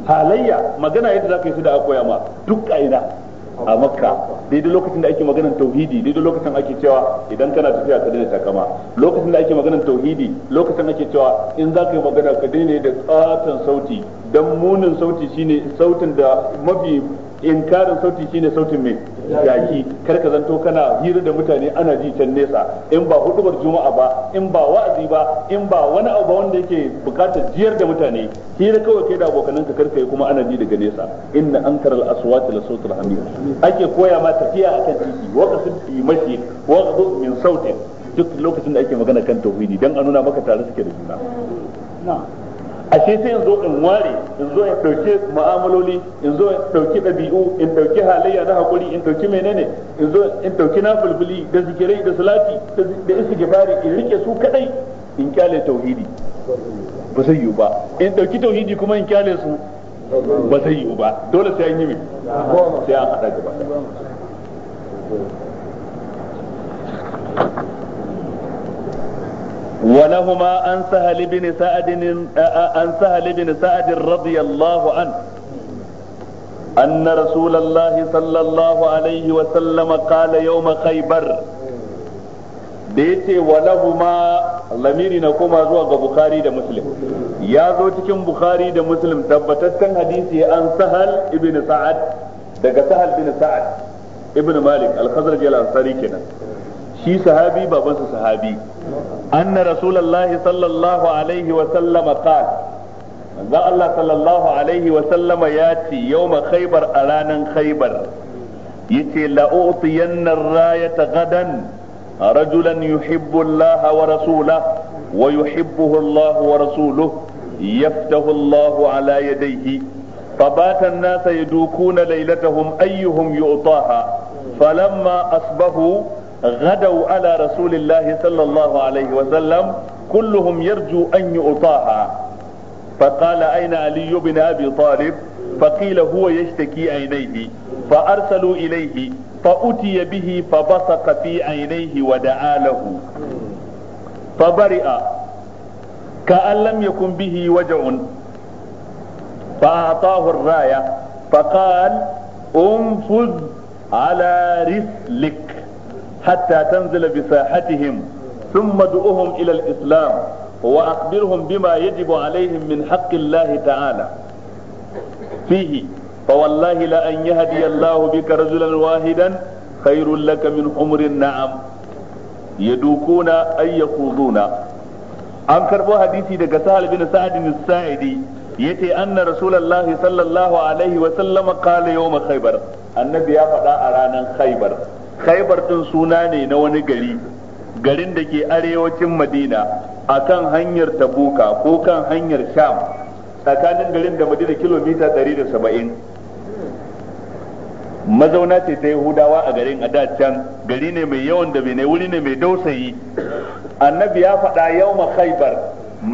S1: halayya magana yadda zaka yi su da akoya ma duk kaina a makka daidai lokacin da ake maganar tauhidi daidai lokacin ake cewa idan kana tafiya ka daina takama lokacin da ake maganar tauhidi lokacin ake cewa in za ka yi magana ka daina da katon sauti dan munin sauti shine sautin da mafi inkarin sauti shine sautin mai jaki kar ka zanto kana hira da mutane ana ji can nesa in ba hudubar juma'a ba in ba wa'azi ba in ba wani abu ba wanda yake bukatar jiyar da mutane hira kawai kai da abokanan ka karka kuma ana ji daga nesa inna ankara al-aswati la sautul hamir ake koya ma tafiya akan titi wa qasid fi mashi wa qadu min sautin duk lokacin da ake magana kan tauhidi dan a nuna maka tare suke da juna na'am ashe sai in zo in ware in zo in ɗauki ma'amaloli in zo in ɗauki ɗabi'u in ɗauki halayya na haƙuri in ɗauki menene in zo in ɗauki bulbuli da zikirai da salati da istighfari in rike su kadai in kyale tauhidi ba zai yiwu ba in ɗauki tauhidi kuma in kyale su ba zai yiwu ba dole sai an yi mai sai an haɗa gaba ولهما عن سهل بن سعد عن سهل بن سعد رضي الله عنه أن رسول الله صلى الله عليه وسلم قال يوم خيبر ديتي ولهما zuwa ga bukhari da muslim ya zo cikin bukhari da muslim tabbataccen hadisi an sahal ibn sa'ad daga sahal ibn sa'ad ibn malik al-khazraj kenan shi sahabi babansa sahabi anna rasulullahi sallallahu alaihi wa sallama qala manzo Allah sallallahu alaihi wa sallama ya ce yawma khaybar a ranan khaybar yace la utiyanna rayata gadan rajulan yuhibbu Allah wa rasulahu wa yuhibbuhu Allah wa rasuluhu yaftahu Allah ala yadayhi فبات الناس يدوكون ليلتهم أيهم يؤطاها فلما أصبحوا غدوا على رسول الله صلى الله عليه وسلم كلهم يرجو أن يؤطاها فقال أين علي بن أبي طالب فقيل هو يشتكي عينيه فأرسلوا إليه فأتي به فبصق في عينيه ودعا له فبرئ كأن لم يكن به وجع فأعطاه الراية فقال انفذ على رسلك hatta tanzila bi sahatihim thumma du'uhum ila al-islam wa akhbirhum bima yajibu alaihim min haqqi Allah ta'ala fihi fa wallahi la an yahdi Allah bika rajulan wahidan khairul laka min umrin na'am yadukuna ay yakhuduna an karɓo hadisi daga Sahal bin Sa'd bin Sa'idi yace anna rasulullah sallallahu alaihi wa sallam qala yawm annabi ya faɗa a ranar khaybar khaibar din suna ne na wani gari garin da ke arewacin madina a kan hanyar tabuka ko kan hanyar sham tsakanin garin da madina kilomita 170 mazauna ce ta yahudawa a garin a can gari ne mai yawan da bene wuri ne mai dausayi annabi ya faɗa yau ma khaibar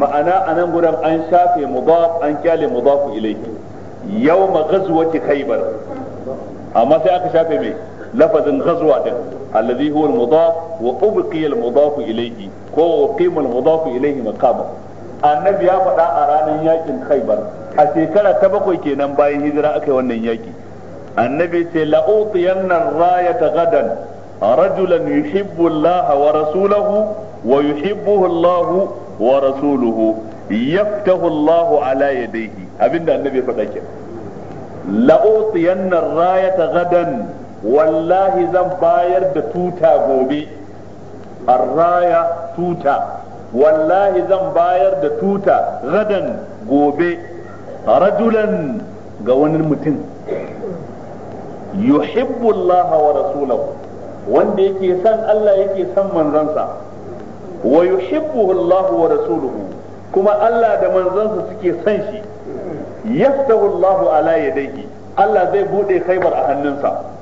S1: ma'ana a nan gudan an shafe mudaf an kyale mudafu ilai yau ma ki khaibar amma sai aka shafe mai لفظ غزوة الذي هو المضاف وأبقي المضاف إليه وأقيم المضاف إليه مقامه النبي يفضع أران ياج خيبر أتي كلا تبقوا كي نمباي هدراء كي وان النبي سيلأوطين الراية غدا رجلا يحب الله ورسوله ويحبه الله ورسوله يفته الله على يديه أبدا النبي فتاكي لأوطين الراية غدا wallahi zan bayar da tuta gobe arraya tuta wallahi zan bayar da tuta gadan gobe rajulan ga wani mutum yuhibbu Allah wa rasulahu wanda yake san Allah yake son manzansa wa yuhibbu Allah wa rasuluhu kuma Allah da manzansa suke son
S2: shi
S1: yaftahu Allah ala yadayhi Allah zai bude khaybar a hannunsa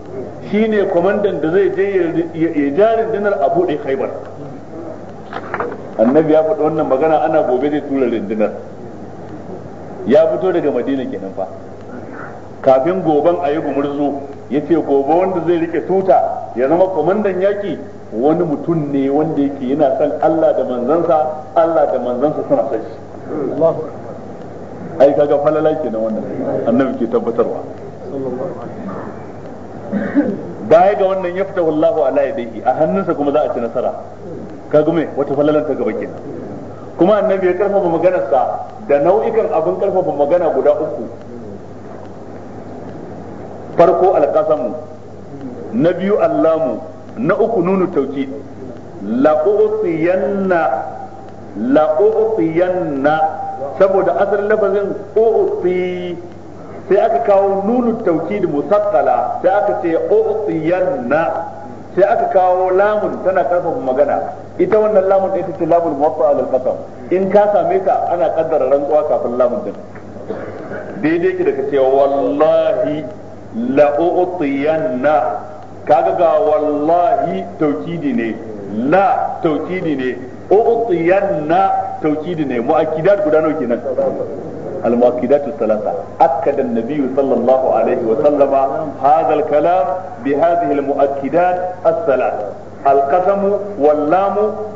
S1: shine kwamandan da zai je ya ja rundunar a buɗe khaibar annabi ya faɗi wannan magana ana gobe zai tura rundunar ya fito daga madina kenan fa kafin goban a yi gumurzu ya ce gobe wanda zai rike tuta ya zama kwamandan yaƙi wani mutum ne wanda yake yana son Allah da manzansa Allah da manzansa suna son shi ai kaga falala kenan wannan annabi ke tabbatarwa baya ga wannan ya fita wallahu ala yadayhi a hannunsa kuma za a ci nasara ka gume wata falalan ta gaba kenan kuma annabi ya karfafa maganarsa da nau'ikan abin karfafa magana guda uku farko alqasamu na biyu allamu na uku nunu tauki la'u'tiyanna la'u'tiyanna saboda asalin lafazin u'ti sai aka kawo nunu tawkid musaqqala sai aka ce utiyanna sai aka kawo lamun tana karfafa magana ita wannan lamun ita ce lamun muwatta al in ka same ta ana kaddara rantsuwa kafin lamun din daidai ki da ka ce wallahi la utiyanna kaga ga wallahi tawkidi ne la taukidi ne utiyanna tawkidi ne mu'akkidat guda nawa kenan المؤكدات الثلاثة أكد النبي صلى الله عليه وسلم هذا الكلام بهذه المؤكدات الثلاث القسم واللام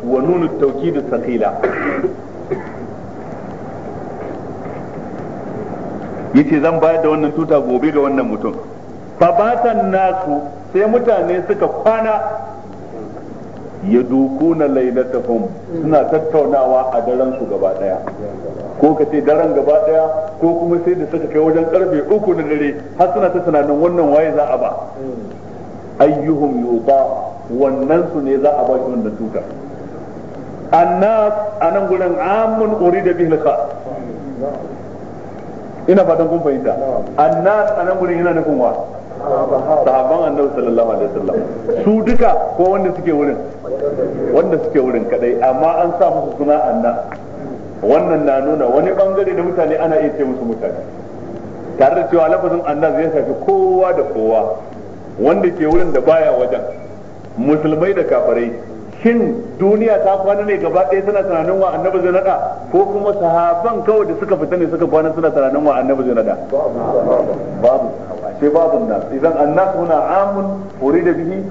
S1: ونون التوكيد الثقيلة yace zan bayar da wannan tuta gobe ga wannan mutum fa batan nasu sai mutane suka kwana ya duku na lailatahum suna tattaunawa a daren su gaba daya ko ka ce daren gaba daya ko kuma sai da suka kai wajen karfe uku na dare har suna ta tunanin wannan waye za a ba ayyuhum Yuba wannan su ne za a ba shi wannan tuka annas anan gurin amun urida bihi al ina fatan kun fahimta annas anan gurin yana nufin wa
S3: sahabban
S1: annabi sallallahu alaihi wasallam su duka ko wanda suke wurin wanda suke wurin kadai amma an sa musu suna anna wannan na nuna wani bangare da mutane ana iya ce musu mutane tare da cewa lafazin anna zai shafi kowa da kowa wanda ke wurin da baya wajen musulmai da kafirai shin duniya ta kwana ne gaba ɗaya tana tunanin wa annabi zai nada ko kuma sahaban kawai da suka fita ne suka kwana suna tunanin wa annabi zai nada babu sai babu na idan annas huna amun urida bihi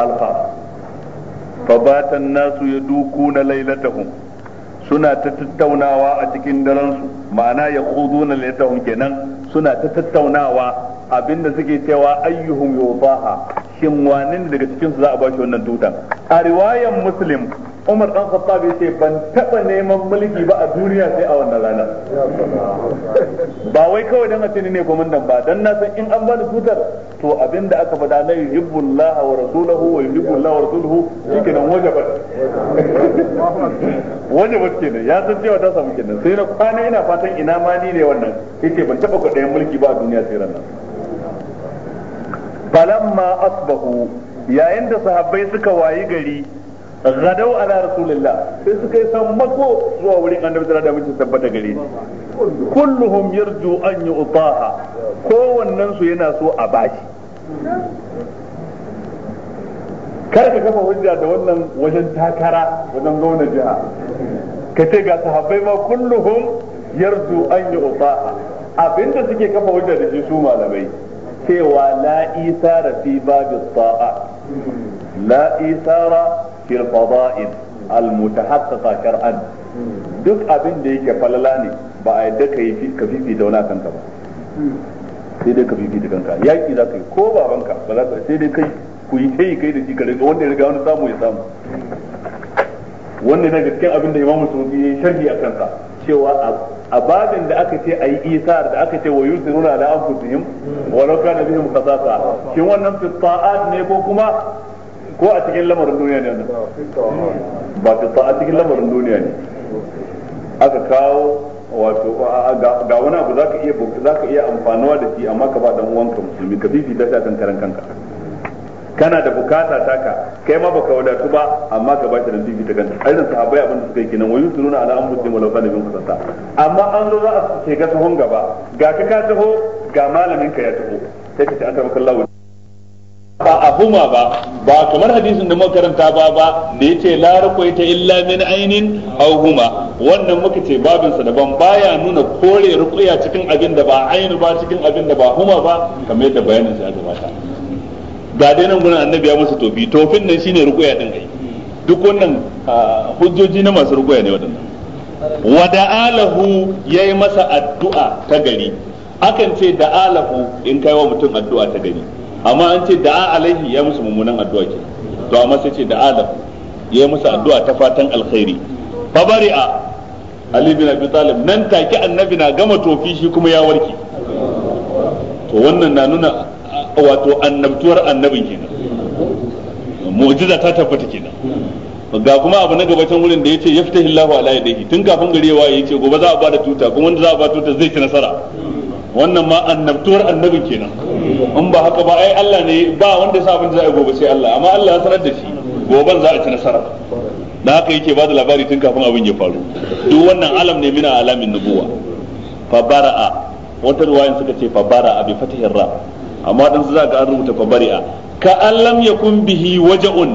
S1: alfa fa bata an-nasu na lailatahum suna ta tattaunawa a cikin daren ma'ana ya khuduna littahum kenan suna ta tattaunawa abinda suke cewa ayyuhum yufaha shin ne daga cikin su za a bashi wannan tutan a riwayan muslim Umar dan bai ce ban taba neman mulki ba a duniya sai a wannan rana ba wai kawai dan a ce ne komandan ba dan na san in an bani tutar to abinda aka faɗa na yuhibbullah wa rasuluhu wa yuhibbullah wa rasuluhu shikenan wajabat wani ba kenan ya san cewa ta samu kenan sai na kwana ina fatan ina ma ni ne wannan yace ban taba kwaɗayin mulki ba a duniya sai ran nan falamma asbahu yayin da sahabbai suka wayi gari gadau ala rasulillah sai suka yi sammako zuwa wurin annabi da dama wasallam tabbata gare shi kulluhum yarju an yu'taha kowannen su yana so a bashi kar ka kafa hujja da wannan wajen takara wajen gwamnan jiha ka ce ga sahabbai ma kulluhum yarzu an yi ubaha abinda suke kafa hujja da shi su malamai cewa la isara fi babu ta'a la isara fi al-fada'il al-mutahaqqaqa shar'an duk abin da yake falala ne ba a yadda kai ka fifi da wani kanka ba sai dai ka fifi da kanka yaki za ka yi ko babanka ba za ka sai dai kai ku yi kai kai da shi kare wanda ya riga wani samu ya samu wannan daga cikin abin da imamu sufi ya sharhi a kansa cewa a babin da aka ce ayi isar da aka ce wa yusiruna ala anfusihim wa law kana bihim khasasa shin wannan fi ta'at ne ko kuma ko a cikin lamarin duniya ne wannan ba fi ta'at cikin lamarin duniya ne aka kawo wato ga wani abu zaka iya zaka iya amfanuwa da shi amma ka ba dan uwanka musulmi ka fifita shi kan karan kanka kana da bukata taka kai ma baka wadatu ba amma ka bashi dan bibi ta kanta irin sahabbai abin da suka yi kenan wayu suruna ala mutum walau kana bin kusanta amma an zo za a ce ga tahon gaba ga ka ka taho ga malamin ka ya taho sai ka ce an tabbata Allah ba huma ba ba kamar hadisin da makaranta karanta ba ba da yace la ruqaita illa min ainin aw huma wannan muka ce babin sa daban baya nuna kore ruqya cikin abin da ba ainu ba cikin abin da ba huma ba kamar yadda bayanin sa ya gabata ga dai nan gurin annabi ya masa tofi tofin nan shine rukuya din kai duk wannan hujjoji na masu rukuya ne waɗannan wa yayi masa addu'a ta gari akan ce da'alahu in kai wa mutum addu'a ta gari amma an ce da'a alaihi ya musu mummunan addu'a ke to amma sai ce da'alahu yayi masa addu'a ta fatan alkhairi fa bari'a Ali bin Abi Talib nan take annabi na gama tofi shi kuma ya warke to wannan na nuna wato annabtuwar annabin kenan mu'jiza ta tabbata kenan ga kuma abu na gabatan wurin da yace yaftahi Allahu ala yadihi tun kafin gari ya waye yace gobe za a bada tuta kuma wanda za a bada tuta zai ci nasara wannan ma annabtuwar annabin kenan in ba haka ba ai Allah ne ba wanda ya sa abin za a gobe sai Allah amma Allah ya sanar da shi goben za a ci nasara da haka yake ba da labari tun kafin abin ya faru duk wannan alam ne mina alamin nubuwa fa bara'a wata ruwayan suka ce fa bara'a bi fatihir ra amma dan za ga an rubuta fa bari'a ka allam yakun bihi waja'un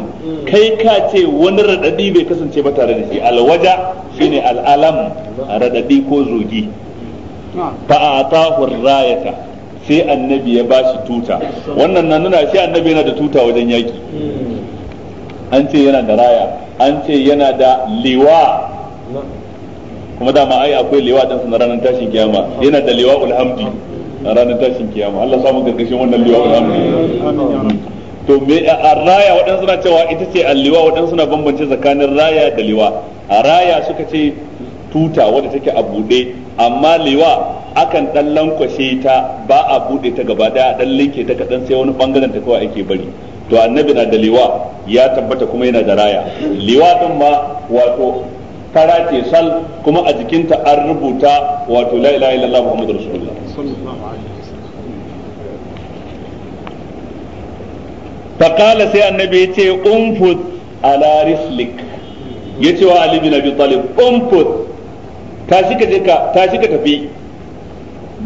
S1: kai ka ce wani radadi bai kasance ba tare da shi alwaja shine al'alam radadi ko zogi fa atahu rayata sai annabi ya bashi tuta wannan nan nuna shi annabi yana da tuta wajen yaki an ce yana da raya an ce yana da liwa kuma dama ai akwai liwa din na ranar tashin kiyama yana da liwa ulhamdi a ranar tashin kiyama Allah samu gargashin wannan liwa amin to me a raya waɗansu na cewa ita ce alliwa waɗansu na bambance tsakanin raya da liwa a raya suka ce tuta wadda take a buɗe amma liwa akan ɗan lankwashe ta ba a buɗe ta gaba ɗaya ɗan linke ta kaɗan sai wani ɓangaren ta kawai ake bari to annabi na da liwa ya tabbata kuma yana da raya liwa ɗin ma wato fara ce sal kuma a jikinta an rubuta wato la ilaha illallah muhammadu rasulullah faqala sai annabi yace umfut ala rislik yace wa ali bin abi talib tashi ka tafi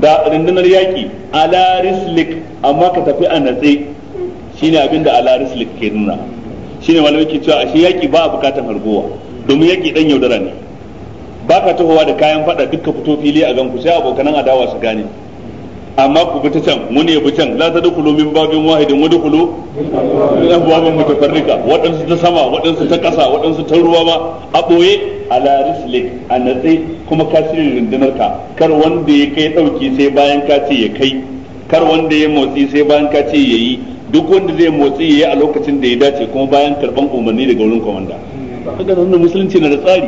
S1: da rundunar yaki ala rislik amma ka tafi a natse shine abinda ala rislik ke nuna shine malamai ke cewa ashe yaki ba a bukatar hargowa domin yaki dan yaudara ne baka tahowa da kayan fada dukka fito fili a ganku sai abokanan adawa su gane amma ku fita can mu ne bi can la dukulu min babin wahidin wa dukulu min abwabin mutafarrika wadansu ta sama wadansu ta kasa wadansu ta ruwa ba a ɓoye ala rislik a natse kuma ka shirin rundunar ka kar wanda ya kai dauki sai bayan ka ce ya kai kar wanda ya motsi sai bayan ka ce ya yi duk wanda zai motsi ya yi a lokacin da ya dace kuma bayan karban umarni daga wurin kwamanda haka nan musulunci na da tsari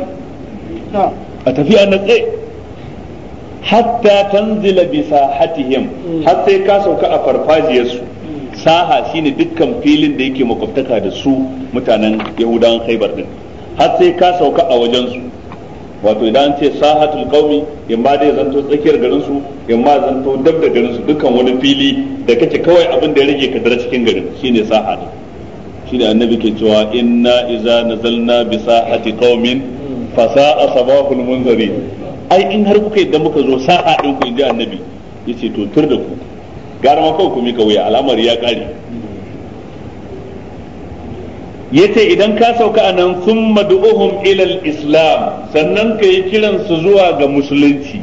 S1: a tafiya na tsaye hatta tanzila bi sahatihim hmm. har sai ka sauka a farfajiyar su saha shine dukkan filin da yake makwabtaka da su mutanen yahudawan khaibar din har sai ka sauka a wajen su wato idan ce sahatul qaumi in ma dai zanto tsakiyar garin su in ma zanto dab da garin su dukkan wani fili da kake kawai abin da ya rage ka dara cikin garin shine saha din shine annabi ke cewa inna iza nazalna bi sahati qaumin hmm. fa sa'a munzirin ai in har kuka yadda muka zo sa'a din ku inji annabi yace to tur da ku gara ma kawai ku mika wuya al'amari ya kare yace idan ka sauka a nan sun madu'uhum ilal islam sannan ka yi kiran zuwa ga musulunci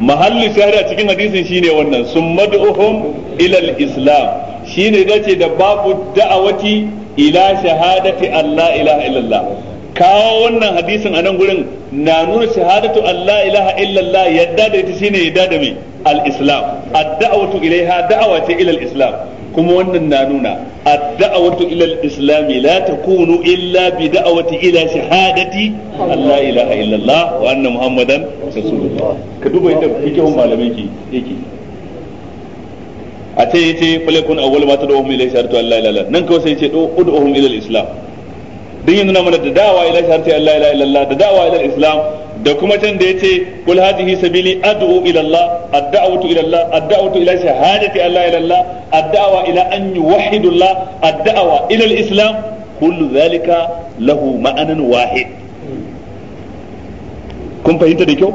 S1: mahalli shahari a cikin hadisin shine wannan sun madu'uhum ilal islam shine dace da babu da'awati ila shahadati Allah ilaha illallah kawo wannan hadisin a nan gurin na nuna shahadatu Allah ilaha illallah yadda da ita shine yadda da mai al-islam ad-da'watu ilaiha da'awa ce ila al-islam kuma wannan na nuna ad-da'watu ila al-islam la takunu illa bi da'wati ila shahadati Allah ilaha illallah wa anna muhammadan rasulullah ka duba kike fikihun malamai ke yake a ce yace falakun awwal ma tad'uhum ila shahadatu Allah ilaha nan kawai sai yace ud'uhum ila al-islam mana da da'awa ila shahadati illallah da ila islam da kuma can da yace kul hadhihi sabili ad'u ila Allah ila Allah ad ila shahadati Allah ila an yuwahhidu Allah ila al-islam kullu zalika lahu ma'anan wahid kun fahimta da kyau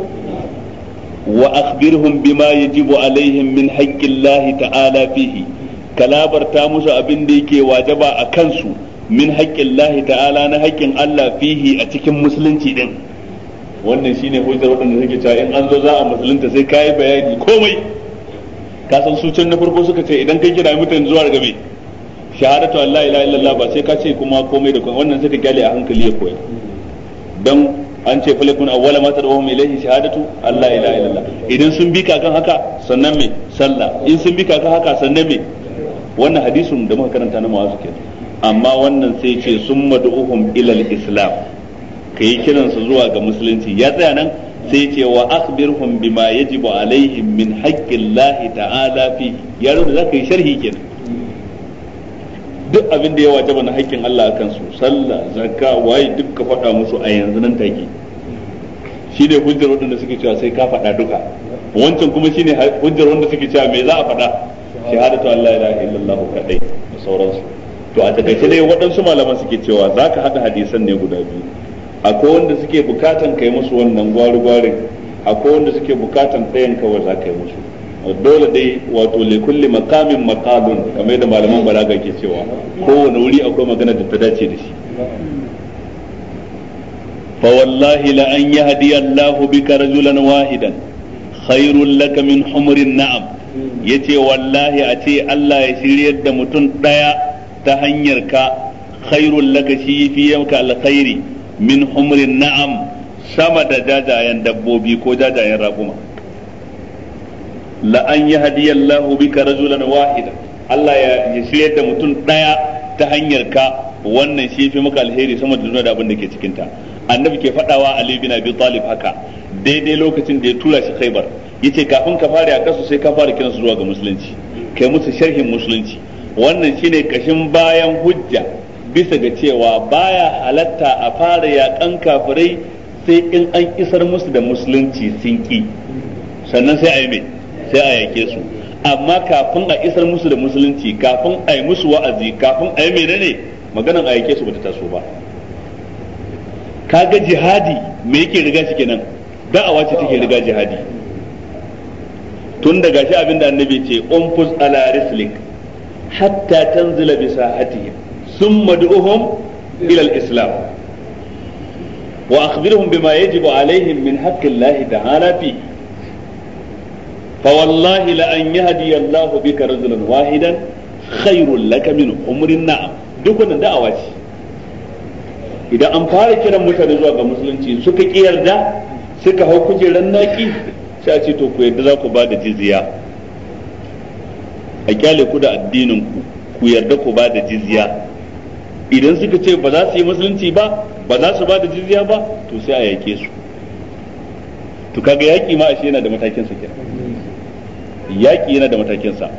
S1: wa akhbirhum bima yajibu alaihim min haqqi Allah ta'ala fihi kalabarta musu abin da yake wajaba a kansu min haƙƙin lahi ta'ala na haƙƙin Allah fihi a cikin musulunci din wannan shine hujjar waɗanda suke cewa in an zo za a musulunta sai kayi bayani komai ka san su can na farko suka ce idan kai kira mutane zuwa ga me shahadatu an la ilaha illallah ba sai ka ce kuma komai da komai wannan suka gyale a hankali ya koyi. dan an ce falakun awwala ma tad'uhum ilayhi shahadatu an la ilaha illallah idan sun bi kakan haka sannan me sallah in sun bi kakan haka sannan me wannan hadisin da muka karanta na mawazu kenan amma wannan sai ce sun mad'uhum ilal islam ka yi kiransu zuwa ga musulunci ya tsaya nan sai ce wa akhbirhum bima yajibu alaihim min haqqillahi ta'ala fi ya rubuta zaka yi sharhi kenan duk abin da ya wajaba na haƙƙin Allah a su sallah zakka waye duk ka faɗa musu a yanzu nan take shi ne hujjar waɗanda suke cewa sai ka faɗa duka wancan kuma shi ne hujjar wanda suke cewa me za a faɗa shahadatu Allah la ilaha illallah kadai da sauransu to a takaice dai waɗansu malaman suke cewa za ka haɗa hadisan ne guda biyu akwai wanda suke bukatan kai musu wannan gwari-gwarin akwai wanda suke bukatan tsayin kawai za ka yi musu dole dai wato le kulli makamin makalun kamar yadda malaman balaga ke cewa kowane wuri akwai magana da ta dace da shi fa wallahi la an yahdi Allahu bika rajulan wahidan khairul laka min humrin na'am yace wallahi a ce Allah ya shiryar da mutum daya ta hanyar ka khairul laka shi fi yamka alkhairi min humrin na'am sama da jajayen dabbobi ko jajayen raƙuma la an yahdiyallahu bika rajulan wahida Allah ya shiryar da mutum daya ta hanyar ka wannan shi fi maka alheri sama da duniya da abin da ke cikin ta annabi ke fadawa Ali bin Abi Talib haka daidai lokacin da ya tura shi Khaibar yace kafin ka fara a kasu sai ka fara kiransu zuwa ga musulunci kai musu sharhin musulunci wannan shine kashin bayan hujja bisa ga cewa baya halatta a fara yakan kafirai sai in an isar musu da musulunci sun ki sannan sai a yi mai sai a yake su amma kafin a isar musu da musulunci kafin a yi musu wa'azi kafin a yi ne maganan a yake su bata taso ba kaga jihadi me yake riga shi kenan da'awa ce take riga jihadi tun daga shi abinda annabi ce umfus ala rislik hatta tanzila bi sa'atihim thumma du'uhum ila al-islam wa akhbirhum bima yajibu alaihim min haqqi Allah ta'ala fi فوالله لأن يهدي الله بك رجلا واحدا خير لك من عمر النعم dukkan da'awa ce idan an fara kiran mutane zuwa ga musulunci suka ki yarda suka hau kujerar naki sai to ku za ku ba da jizya a kyale ku da addinin ku ku yarda ku ba da jizya idan suka ce ba za su yi musulunci ba ba za su ba da jizya ba to sai a yake su to kaga yaki ma ashe yana da matakin sa kenan yaki yana da matakin sa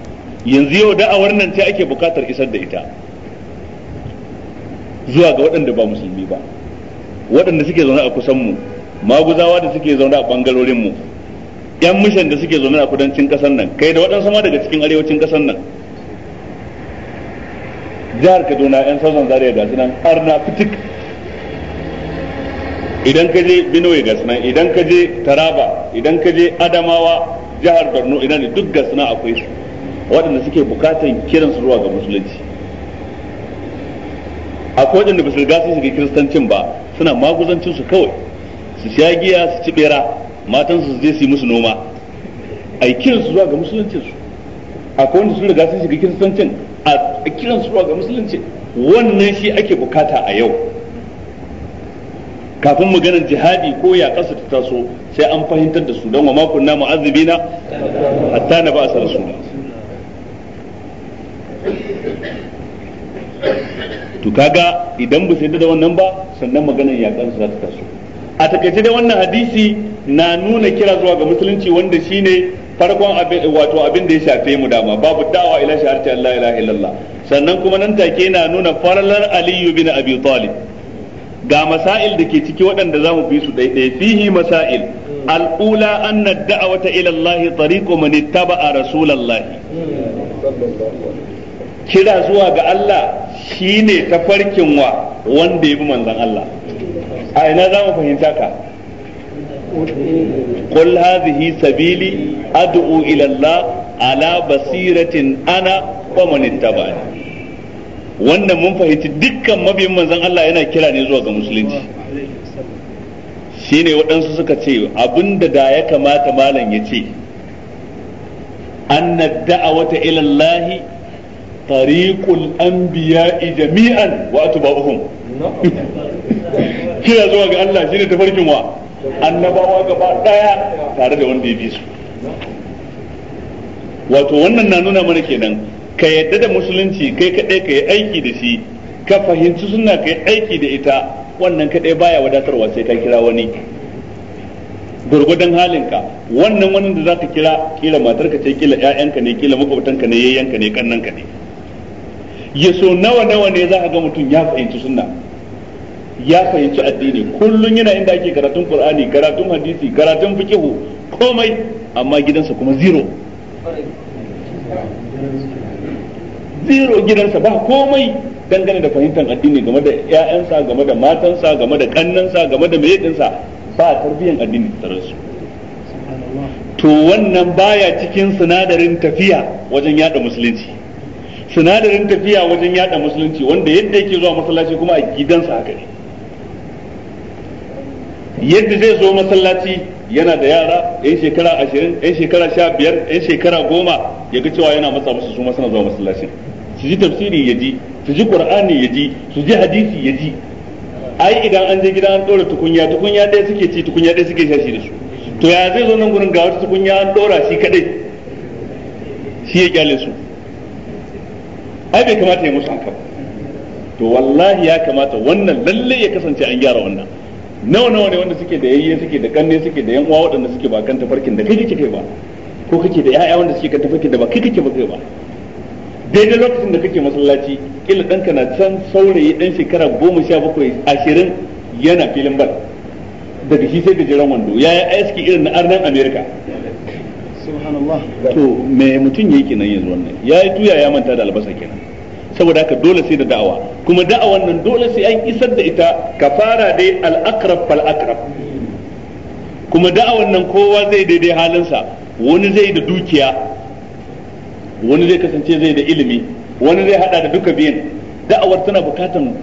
S1: yanzu yau da'awar nan ce ake bukatar isar da ita zuwa ga waɗanda ba musulmi ba waɗanda suke zaune a kusan mu maguzawa da suke zaune a bangarorin mu yan mishan da suke zaune a kudancin kasar nan kai da waɗansu ma daga cikin arewacin kasar nan jihar kaduna yan sauran zaria ga sunan arna fitik idan ka je binoye ga sunan idan ka je taraba idan ka je adamawa jihar borno idan ne duk ga sunan akwai su waɗanda suke bukatan kiran su zuwa ga musulunci akwai kodin da su sun shiga kiristancin ba suna maguzancin su kawai su sha giya su ci bera matan su zai su yi musu noma ai kiran su zuwa ga musulunci su akwai wanda sun riga sun shiga kiristancin a kiran su zuwa ga musulunci wannan shi ake bukata a yau kafin maganar jihadi ko ya kasa ta taso sai an fahimtar da su don wa makon na
S2: hatta
S1: na ba a su. to kaga idan ba sai da wannan ba sannan maganar ya kasa ta taso a takaice dai wannan hadisi na nuna kira zuwa ga musulunci wanda shine farkon wato abin da ya shafe mu dama babu da'awa ila shahadati Allah ilaha illallah sannan kuma nan take na nuna faralar aliyu bin abi ga masail da ke ciki waɗanda zamu mu bi su ɗaiɗaya fihi masail al'ula anna da'awata ila Allah tariqu man ittaba'a rasulullah kira zuwa ga Allah shine tafarkin wa wanda ya bi manzon Allah a ina zamu fahimtaka? qul hadhihi sabili ad'u ila Allah ala basiratin ana wa man ittaba'ani wannan mun fahimci dukkan mabiyin manzon Allah yana kira ne zuwa ga musulunci shine waɗansu suka ce abinda da ya kamata malam ya ce أن الدعوة إلى الله طريق الأنبياء جميعا وأتباعهم كذا زوج الله شنو تفرجوا annabawa gaba daya tare da wanda ya bi su wato wannan na nuna mana kenan ka yadda da musulunci kai kaɗai ka yi aiki da shi ka fahimci suna ka yi aiki da ita wannan kaɗai baya wadatarwa sai ka kira wani gurgudan halinka wannan wani da zaka kira kila matarka ce kila ƴaƴanka ne kila makwabtanka ne yayyanka ne kannanka ne ya so nawa nawa ne za ka ga mutum ya fahimci sunna ya fahimci addini kullum yana inda ake karatun qur'ani karatun hadisi karatun fiqhu komai amma gidansa kuma zero zero gidansa ba komai dangane da fahimtar addini game da ƴaƴansa game da matansa game da kannansa game da mai mayyadinsa ba tarbiyyar addini tare su to wannan baya cikin sinadarin tafiya wajen yada musulunci sinadarin tafiya wajen yada musulunci wanda yadda yake zuwa masallaci kuma a gidansa haka ne yadda zai zo masallaci yana da yara yan shekara ashirin yan shekara sha biyar yan shekara goma ya ga cewa yana matsa musu su ma suna zuwa masallaci su ji tafsiri ya ji su ji qur'ani ya ji su ji hadisi ya ji ai idan an je gida an dora tukunya tukunya ɗaya suke ci tukunya ɗaya suke shashi da su to ya zai zo nan gurin ga wata tukunya an dora shi kadai shi ya kyale su ai bai kamata ya musu haka to wallahi ya kamata wannan lalle ya kasance an gyara wannan nawa nawa ne wanda suke da yayye suke da kanne suke da yan uwa waɗanda suke ba kan tafarkin da kai kake kai ba ko kake da yaya wanda suke kan tafarkin da ba kai kake ba kai ba daidai lokacin da kake masallaci kila ɗanka na can saurayi ɗan shekara goma sha bakwai ashirin yana filin bal daga shi sai jiran wando ya yi aiki irin na arnan amerika to me mutum ya yi kenan yanzu wannan ya yi tuya ya manta da albasa kenan saboda haka dole sai da da'awa kuma da'awan nan dole sai an isar da ita ka fara dai al-aqrab fal aqrab kuma da'awan nan kowa zai daidai halinsa wani zai da dukiya wani zai kasance zai da ilimi wani zai hada da duka biyan da'awar tana bukatan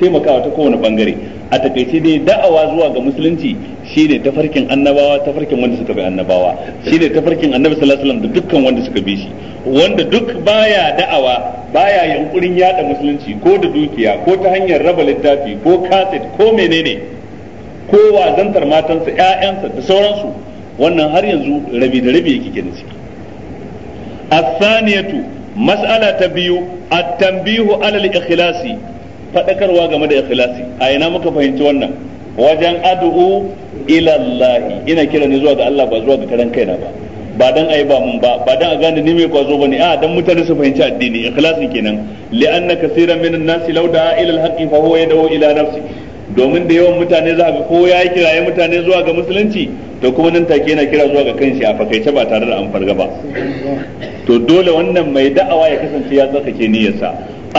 S1: taimakawa ta kowane bangare a takaice dai da'awa zuwa ga musulunci shine tafarkin annabawa tafarkin wanda suka bi annabawa shine tafarkin annabi sallallahu alaihi da dukkan wanda suka bi shi wanda duk baya da'awa baya yankurin yada musulunci ko da dukiya ko ta hanyar raba littafi ko kaset ko menene ko wazantar matansa ƴaƴansa da sauransu wannan har yanzu rabi da rabi yake kenan ciki as-saniyatu mas'ala ta biyu at-tanbihu alal ikhlasi fadakarwa game da ikhlasi a ina muka fahimci wannan wajen ad'u ila Allah ina kira ne zuwa ga Allah ba zuwa ga karan kaina ba ba dan ayi ba mun ba ba dan a gane ni mai kwazo bane a dan mutane su fahimci addini ikhlasi kenan anna kaseeran minan nasi law da'a ila al fa huwa yad'u ila nafsi domin da yawan mutane za ga ko ya kiraye mutane zuwa ga musulunci to kuma nan take yana kira zuwa ga kanshi a fakaice ba tare da an farga ba to dole wannan mai da'awa ya kasance ya tsarkake niyyarsa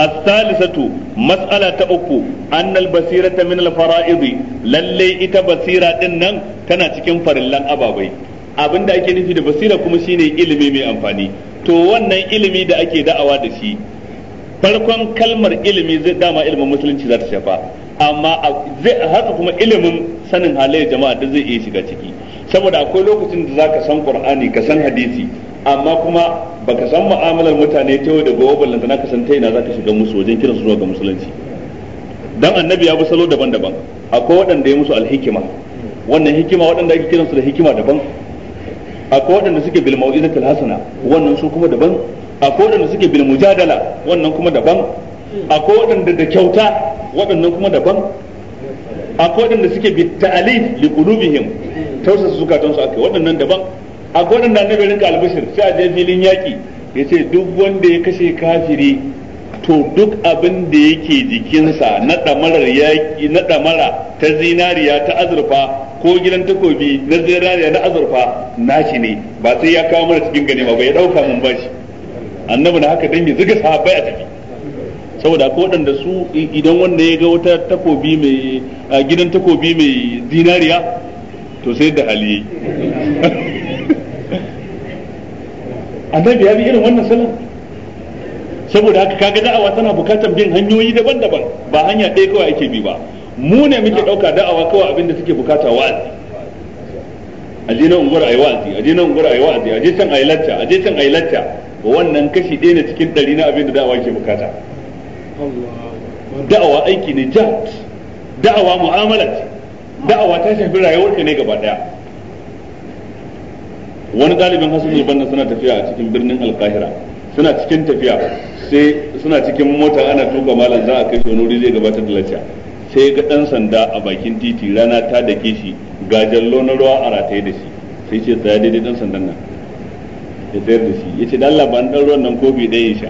S1: الثالثة مسألة أكو أن البصيرة من الفرائض للي إتا بصيرة إنن تنا تكين فرلان أبابي abin da ake nufi da basira kuma shine ilimi mai amfani to wannan ilimi da ake da'awa da shi farkon kalmar ilimi zai dama ilimin musulunci zata ta shafa amma haka kuma ilimin sanin halayyar jama'a da zai iya shiga ciki saboda akwai lokacin da zaka san qur'ani ka san hadisi amma kuma baka san mu'amalar mutane ta yau da gobe ballanta na kasan ta yana zaka shiga musu wajen kiransu zuwa ga musulunci dan annabi ya bi salo daban-daban akwai waɗanda ya musu alhikima wannan hikima waɗanda ake kiransu da hikima daban akwai waɗanda suke bil mau'izatul hasana wannan su kuma daban akwai waɗanda suke bil mujadala wannan kuma daban akwai waɗanda da kyauta waɗannan kuma daban akwai waɗanda suke bi ta'alif li qulubihim tausasa zukatansu akai waɗannan daban a gwanin da annabi rinka albishir sai a je filin yaki ya ce duk wanda ya kashe kafiri to duk abin da yake jikinsa na ɗamarar yaƙi na ɗamara ta zinariya ta azurfa ko gidan takobi na zinariya na azurfa nashi ne ba sai ya kawo mara cikin gani ba ya ɗauka mun bashi annabi na haka dan ya zuga sahabbai a tafi saboda ko waɗanda su idan wanda ya ga wata takobi mai gidan takobi mai zinariya to sai da hali annabi ya bi irin wannan salon saboda haka kaga da'awa tana bukatar bin hanyoyi daban-daban ba hanya ɗaya kawai ake bi ba mu ne muke ɗauka da'awa kawai abinda suke bukata wa'azi a je nan unguwar ayi wa'azi a je nan unguwar ayi wa'azi a je can ayi lacca a je can ayi lacca wannan kashi ɗaya ne cikin ɗari na abinda da'awa ke bukata da'awa aiki ne jat da'awa mu'amalat da'awa ta shafi rayuwarka ne gaba ɗaya wani ɗalibin hasan banna suna tafiya a cikin birnin alkahira suna cikin tafiya sai suna cikin mota ana tuka malam za a kai shi wani zai gabatar da lacca sai ga ɗan sanda a bakin titi rana ta dake shi ga jallo na ruwa a rataye da shi sai ce tsaya daidai ɗan sandan nan ya tsayar da shi ya ce dalla ba ɗan ruwan nan kofi ɗaya ya sha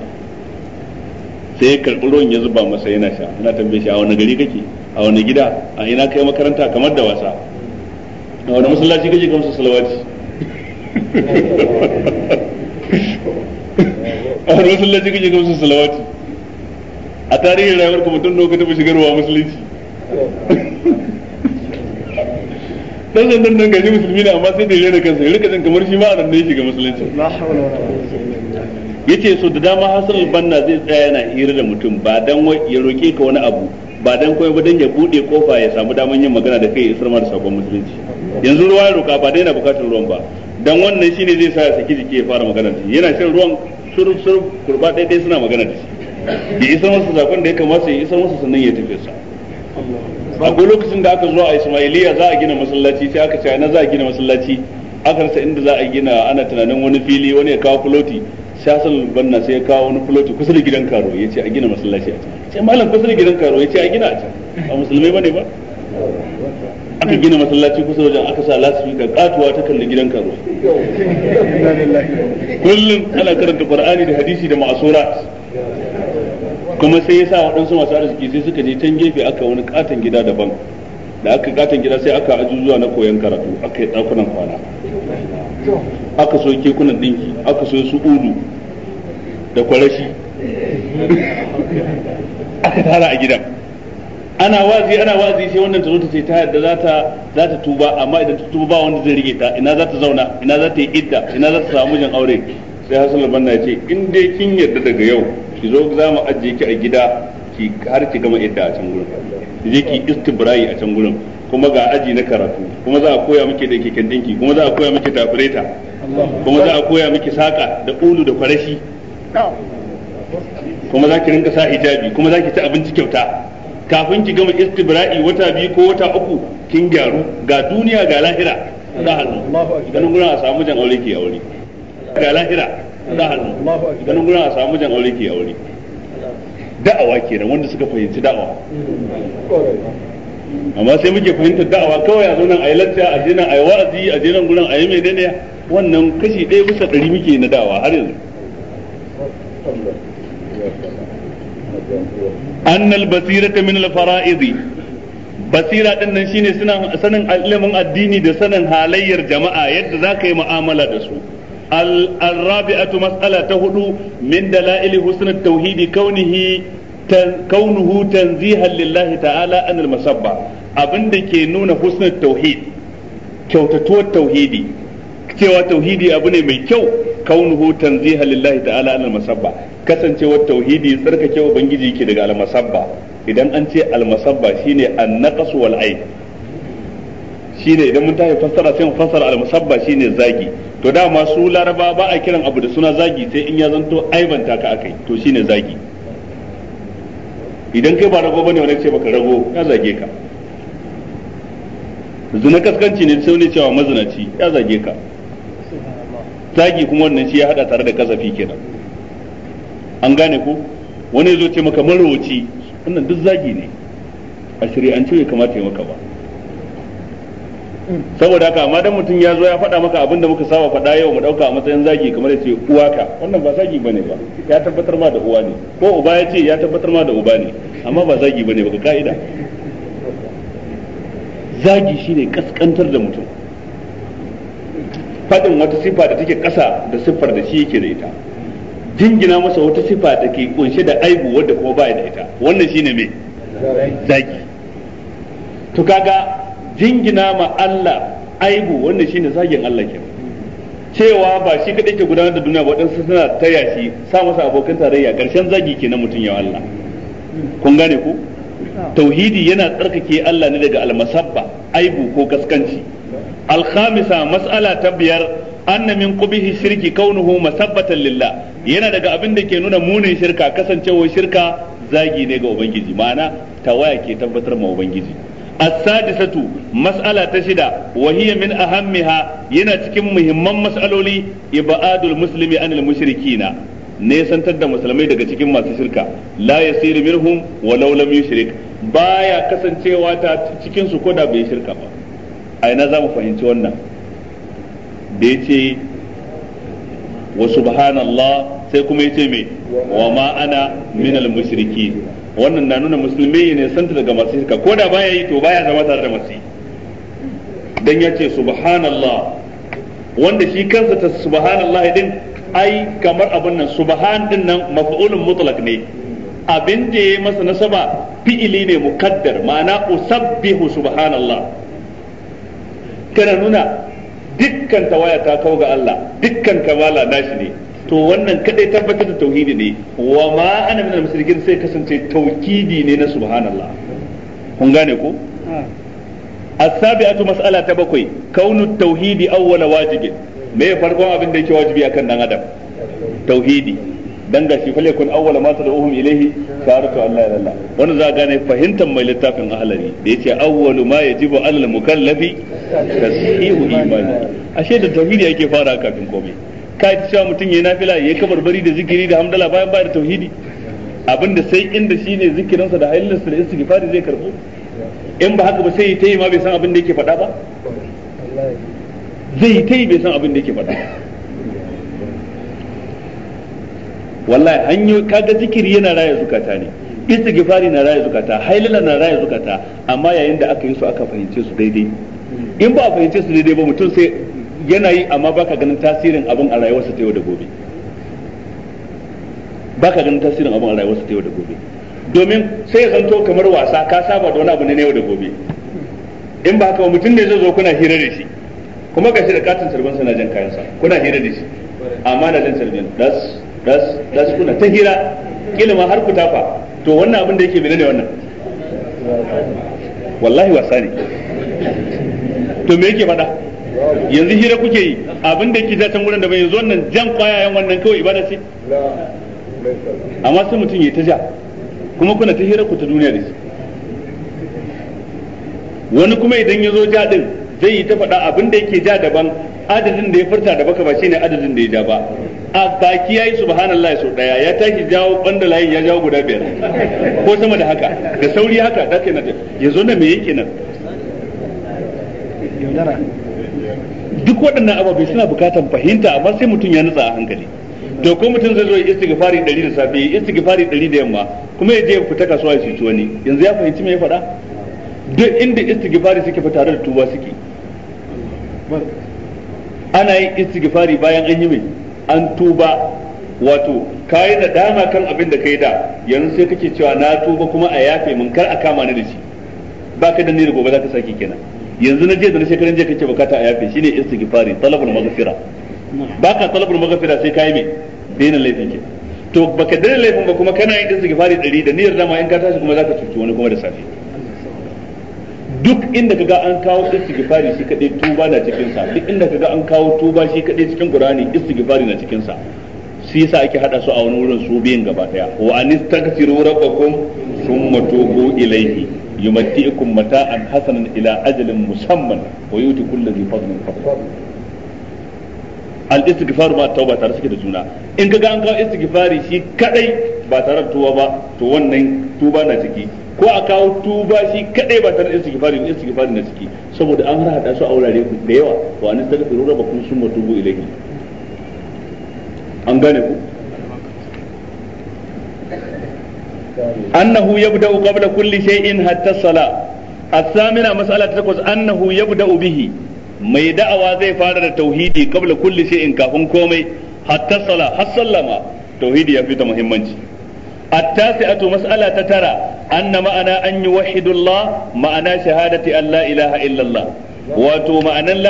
S1: sai ya karɓi ruwan ya zuba masa yana sha yana tambaye shi a wani gari kake a wani gida a ina kai makaranta kamar da wasa a wani masallaci kake kamar su salawati a wani masallaci kuke ga salawati a tarihin rayuwar ka mutum nawa ka shigar shigarwa musulunci dan sandan nan gaji musulmi ne amma sai da rena kansa ya rika jin kamar shi ma a nan ne yake ga musulunci ce so da dama hasar banna zai tsaya yana hira da mutum ba dan ya roke ka wani abu ba dan koyi ba dan ya bude kofa ya samu daman yin magana da kai ya isar ma da sakon musulunci yanzu ruwa ya roka ba dai yana bukatar ruwan ba dan wannan shine zai sa saki jiki ya fara magana da shi yana shan ruwan suruf suruf kurba dai dai suna magana da shi bi isa masa zakon da ya kamata ya isa masa sannan ya tafi
S2: sa
S1: akwai lokacin da aka zo a Ismailiya za a gina masallaci sai aka ce na za a gina masallaci aka rasa inda za a gina ana tunanin wani fili wani ya kawo kuloti sai Hassan Banna sai ya kawo wani kuloti kusa da gidan karo ya ce a gina masallaci a can sai malam kusa da gidan karo ya ce a gina a can a musulmai bane ba aka gina masallaci kusa wajen aka sa week katuwa ta kalli gidan kazo kullum ana karanta qur'ani da hadisi da ma'asura kuma sai ya sa waɗansu masu arziki sai suka je can gefe aka wani katon gida daban da aka katon gida sai aka zuwa na koyon karatu aka yi ɗakunan kwana aka so kekunan dinki aka so su ulu da kwarashi aka tara a gidan ana wazi ana wazi sai wannan ta zo ta ce ta yadda za ta za ta tuba amma idan ta tuba ba wanda zai rike ta ina za ta zauna ina za ta yi idda ina za ta samu mijin aure sai Hassan Labanna ya ce in dai kin yadda daga yau ki zo za mu ajiye ki a gida ki har ki gama idda a can gurin ki je ki istibrai a can gurin kuma ga aji na karatu kuma za a koya miki da keken dinki kuma za a koya miki tafureta kuma za a koya miki saka da ulu da kwarashi kuma za ki rinka sa hijabi kuma za ki ci abinci kyauta kafin ki gama istibra'i wata biyu ko wata uku kin gyaru ga duniya ga lahira da hannu ganin gurin a samu jan aure ki aure ga lahira da hannu ganin gurin a samu jan aure ki aure da'awa kenan wanda suka fahimci da'awa amma sai muke fahimtar da'awa kawai a zonan ayi lacca a a ayi wa'azi a jinan gurin ayi mai dane wannan kashi ɗaya bisa ɗari muke na da'awa har yanzu annal basirata min al-fara'idi basira ɗannan nan shine sanin ilimin addini da sanin halayyar jama'a yadda za ka yi mu'amala da su al-rabi'atu mas'ala ta hudu min dala'ili husn tauhidi kaunihi kaunuhu tanzihan lillahi ta'ala anil masabba abinda ke nuna husn at-tauhid kyautatuwar tauhidi cewa tauhidi abu ne mai kyau kaunuhu tanziha lillahi ta'ala al masabba kasancewar tauhidi sarkake ubangiji yake daga al masabba idan an ce al masabba shine an naqas wal aib shine idan mun tafi fassara sai mu fassara al masabba shine zagi to dama su laraba ba a kiran abu da suna zagi sai in ya zanto aibanta ka akai to shine zagi idan kai ba rago bane wani ce baka rago ya zage ka zina kaskanci ne sai ne cewa mazinaci ya zage ka tagi kuma wannan shi ya hada tare da kasafi kenan an gane ko wani zo ce maka marowaci wannan duk zagi ne a shari'ance bai kamata ya maka ba saboda haka amma dan mutum ya zo ya faɗa maka abin da muka saba faɗa yau mu ɗauka a matsayin zagi kamar ya ce uwaka wannan ba zagi bane ba ya tabbatar ma da uwa ne ko uba ya ce ya tabbatar ma da uba ne amma ba zagi bane ba ka ka'ida zagi shine kaskantar da mutum Fadin wata sifa da take ƙasa da siffar da shi yake da ita jingina masa wata sifa da ke kunshe da aibu wadda kuma baya da ita wannan shine me zagi to kaga jingina ma Allah aibu wannan shine zagin Allah ke cewa ba shi kadai ke gudanar da duniya ba waɗansu suna taya shi sa masa abokan tarayya karshen zagi ke na mutum ya Allah kun gane ku tauhidi yana tsarkake Allah ne daga almasabba aibu ko gaskanci. alkhamisa mas'ala ta biyar annamin min shirki kaunuhu masabbatan lillah yana daga abin da ke nuna munin shirka kasancewar shirka zagi ne ga ubangiji ma'ana tawaya ke tabbatar ma ubangiji as-sadisatu mas'ala ta shida wahiyamin hiya min ahammiha yana cikin muhimman mas'aloli musulmi muslimi anil na, nesantar da musulmai daga cikin masu shirka la yasiru minhum walau lam yushrik baya kasancewa ta cikin su koda bai shirka ba a ina za mu fahimci wannan da ya ce wa subhanallah sai kuma ya ce me wa ma ana minal mushriki wannan na nuna musulmi ne santa daga masu shirka ko da baya yi to baya zama tare da masu dan ya ce subhanallah wanda shi kansa ta subhanallah din ai kamar abin nan subhan din nan maf'ulun mutlaq ne abin da ya masa nasaba fi'ili ne mukaddar ma'ana usabbihu subhanallah tana nuna dukkan tawaya ta kawo ga Allah dukkan kamala nashi ne to wannan kadai tabbatar da tauhidi ne wa ma ana minal musyrikin sai kasance tauhidi ne na subhanallah kun gane ko hmm. as-sabi'atu mas'ala ta bakwai kaunu tauhidi awwala wajibin me farkon abin da yake wajibi akan dan adam tauhidi dan ga shi fale kun awwala ma tad'uhum ilayhi sharatu Allah ya Allah wannan za gane fahimtar mai littafin ahlari da yace awwalu ma yajibu alal mukallafi
S2: tasihu imani
S1: ashe da tauhidi yake fara kafin komai kai ta cewa mutum yayi nafila yayi kabarbari da zikiri da hamdala bayan bayan tauhidi abinda sai inda shine zikirinsa da hailinsa da istighfar zai karbo in ba haka ba sai ta yi ma bai san abin da yake faɗa ba zai ta yi bai san abin da yake faɗa wallahi hanyo kaga zikiri yana raya zukata ne istighfari na raya zukata hailala na raya zukata amma yayin da aka yi su aka fahimce su daidai in ba a fahimce su daidai ba mutum sai yana yi amma baka ganin tasirin abin a rayuwar ta yau da gobe baka ganin tasirin abin a rayuwar ta yau da gobe domin sai ya zanto kamar wasa ka saba da wani abu ne yau da gobe in ba haka mutum ne zai zo kuna hira da shi kuma gashi da katin sarbansa na jan kayansa kuna hira da shi amma na jan sarbin das da su kuna ta hira kila ma har ku tafa to wannan abin da yake menene wannan wallahi wasa ne to me yake faɗa yanzu hira kuke yi abin da yake ta can gurin da bai yanzu wannan jan kwayayen wannan kawai ibada ce amma sai mutum ya ta ja kuma kuna ta hira ku ta duniya da shi wani kuma idan ya zo ja din zai yi ta faɗa abin da yake ja daban adadin da ya furta da baka ba shine adadin da ya ja ba a baki yayi subhanallahi sau daya ya tashi jawo banda layin ya jawo guda biyar ko sama da haka da sauri haka da kai na yazo na me yake nan duk waɗannan ababe suna bukatan fahimta amma sai mutum ya nutsa a hankali to ko mutum zai zo ya istighfari 100 da safe ya istighfari 100 da yamma kuma ya je ya fita kasuwa ya ci wani yanzu ya fahimci me ya faɗa duk inda istighfari suke fa tare da tuba suke ana yin istighfari bayan an yi mai an tuba wato kayi da dama kan abin da kai da yanzu sai kake cewa na tuba kuma a yafe mun kar a kama ni da shi ba da danne da gobe ka saki kenan yanzu na je da na shekaran je kake bukata a yafe shine istighfari talabul maghfira ka talabul maghfira sai kai mai dena laifin ke to baka dena laifin ba kuma kana yin istighfari dari da niyyar dama in ka tashi kuma za ka cuci wani kuma da safe duk inda kaga an kawo istighfari shi kadai tuba na cikin sa duk inda kaga an kawo tuba shi kadai cikin qur'ani istighfari na cikin sa shi yasa ake hada su a wani wurin su biyan gaba daya wa anistaghfiru rabbakum thumma tubu ilayhi yumatti'ukum mata'an hasanan ila ajalin musamman wa yuti kulli dhi fadlin al-istighfar ma tauba tare suke da juna in kaga an kawo istighfari shi kadai ba tare da tuba ba to wannan tuba na ciki ko a kawo tuba shi kadai ba tare da istighfari istighfari na ciki saboda an hada su a wurare da yawa wa an astaghfiru rabbakum summa tubu ilahi an gane ku annahu yabda qabla kulli shay'in hatta salat salah الثامنة مسألة تقول أنه يبدأ bihi. mai da'awa zai fara da tauhidi kabla kulli shay'in kafin komai hatta sala har sallama tauhidi ya fi fita muhimmanci التاسعة مسألة ترى أن معنى أن ma'ana الله معنى شهادة ma'ana لا Allah ilaha illallah. wato ma'anan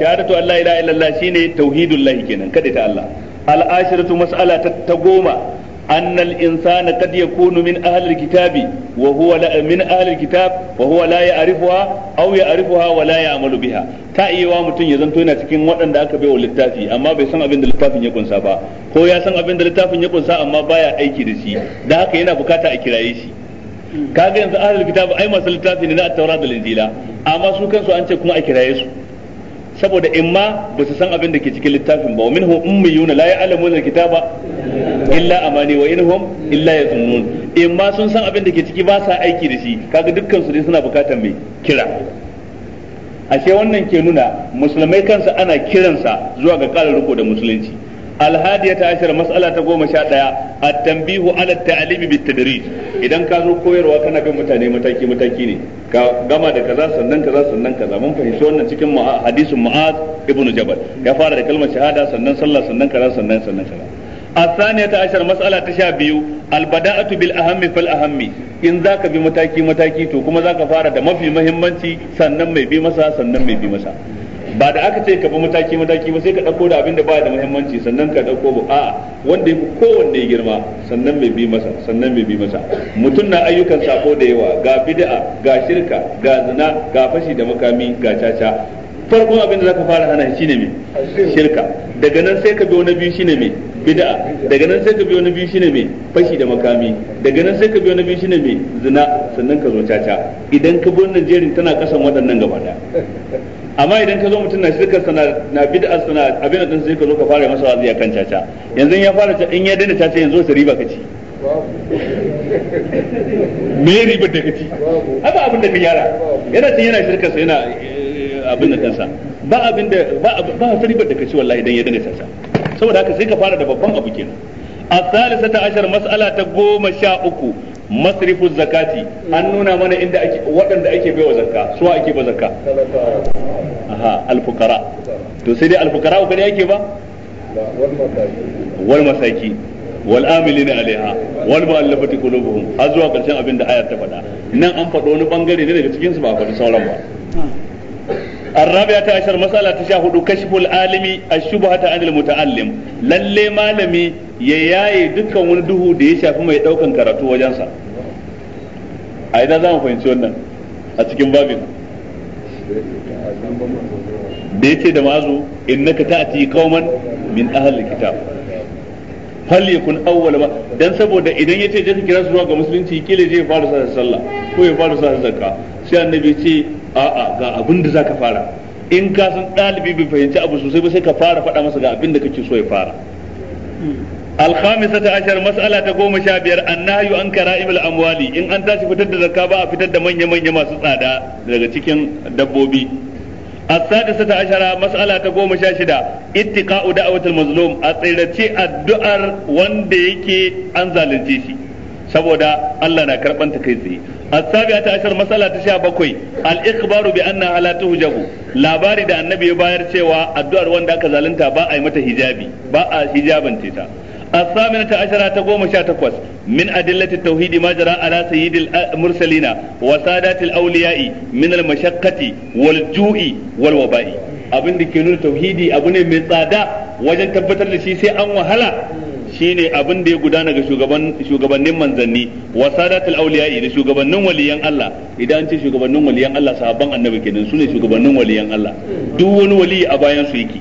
S1: shahadatu Allah ilaha illallah shine tauhidul lahi kenan kada ta Allah al'ashiratu mas'ala ta goma أن الإنسان قد يكون من أهل الكتاب وهو لا من أهل الكتاب وهو لا يعرفها أو يعرفها ولا يعمل بها تأيوا متن يزنتو yana cikin waɗanda aka baiwa littafi amma bai san abin da littafin ya kunsa ba ko ya san abin da littafin ya kunsa amma baya aiki da shi da haka yana bukata a kiraye shi kaga yanzu ahlul kitab ai masu littafi ne na at da injila amma su kansu an ce kuma a kiraye su saboda imma ba su san abin da ke cikin littafin ba minhum ummiyuna la ya'lamuna kitaba illa amani wa inhum illa yazunnun ma sun san abin da ke ciki ba sa aiki da shi kaga dukkan su dai suna bukatar mai kira ashe wannan ke nuna musulmai kansa ana kiransa zuwa ga kara riko da musulunci alhadiyata ashar mas'ala ta goma sha daya at-tanbihu ala at-ta'limi bit idan ka zo koyarwa kana bin mutane mataki mataki ne ka gama da kaza sannan kaza sannan kaza mun fahimci wannan cikin hadisin mu'az ibnu jabal ya fara da kalmar shahada sannan sallah sannan kaza sannan sannan kaza الثانية عشر مسألة تشابه البداءة بالأهم فالأهم إن ذاك بمتاكي متاكي تو كما ذاك فارد ما في مهمتي سنن مي بي سنن مي بي ba da aka ce ka bi mataki mataki ba sai ka dauko da abin da ba da muhimmanci sannan ka dauko ba a wanda yafi kowanne girma sannan mai bi masa sannan mai bi masa mutum na ayyukan sako da yawa ga bid'a ga shirka ga zina ga fashi da makami ga caca farkon abin da zaka fara hana shine me shirka daga nan sai ka biyo na biyu shine me bid'a daga nan sai ka biyo na biyu shine me fashi da makami daga nan sai ka biyo na biyu shine me zina sannan ka zo caca idan ka bi wannan jerin tana kasan waɗannan gaba daya amma idan ka zo mutum na shirka sana na bid'a sana abin da sai ka zo ka fara masa wazi kan caca yanzu ya fara in ya daina caca yanzu sai riba kaci me riba da kaci haka abin da ka yara yana cin yana shirkar yana abin da dinsa ba abin da ba ba sani da kace wallahi dan ya dinga shansa saboda haka sai ka fara da babban abu kenan الثالثة عشر ta goma sha uku masrifu zakati an nuna mana inda ake waɗanda ake baiwa zakka su ake ba zakka aha alfukara to sai dai alfukara ba ne ake ba wal masaki wal amilina alaiha wal mu'allafati qulubuhum har zuwa karshen abin da ayar ta faɗa nan an faɗo wani bangare ne daga cikin su ba faɗi sauran ba الرابعة عشر مسألة تشاهد كشف العالم الشبهة عن المتعلم للي مالمي يياي دكا ونده دي فما يتوقع كراتو وجانسا أين ذا فهمت wannan a cikin babin da yake da mazu innaka ta'ti qauman min ahli hal yakun awwal ba dan saboda idan yace je ka kira zuwa ga musulunci kila je fara sallah ko ya fara sallah sai annabi ce a'a ga abin da zaka fara in ka san dalibi bai fahimci abu sosai ba sai ka fara faɗa masa ga abin da kake so ya fara alhamisata ashar mas'ala ta goma sha biyar an nahayu an kara imil amwali in an tashi fitar da zakka ba a fitar da manya-manya masu tsada daga cikin dabbobi السادسة عشرة مسألة تقوم شاشدة اتقاء addu'ar wanda أطيرتي الدؤر وان بيكي أنزل الجيشي سبو دا الله نكرب kai تكيزي السابعة عشر مسألة تشاء بكوي الإخبار بأن على تهجب لا بارد النبي يباير شوى الدعاء وان ذاك زالنتا باء متى هجابي باء هجابا تيتا الثامنة عشرة تقوم شاتكوس من أدلة التوحيد ما جرى على سيد المرسلين وسادات الأولياء من المشقة والجوع والوباء abin da ke nuna tauhidi abu ne mai tsada wajen tabbatar da shi sai an wahala shine abin da ya gudana ga shugabannin manzanni wa sadatul awliya'i da shugabannin waliyan Allah idan an ce shugabannin waliyan Allah sahabban annabi kenan sune shugabannin waliyan Allah duk wani wali a bayan su yake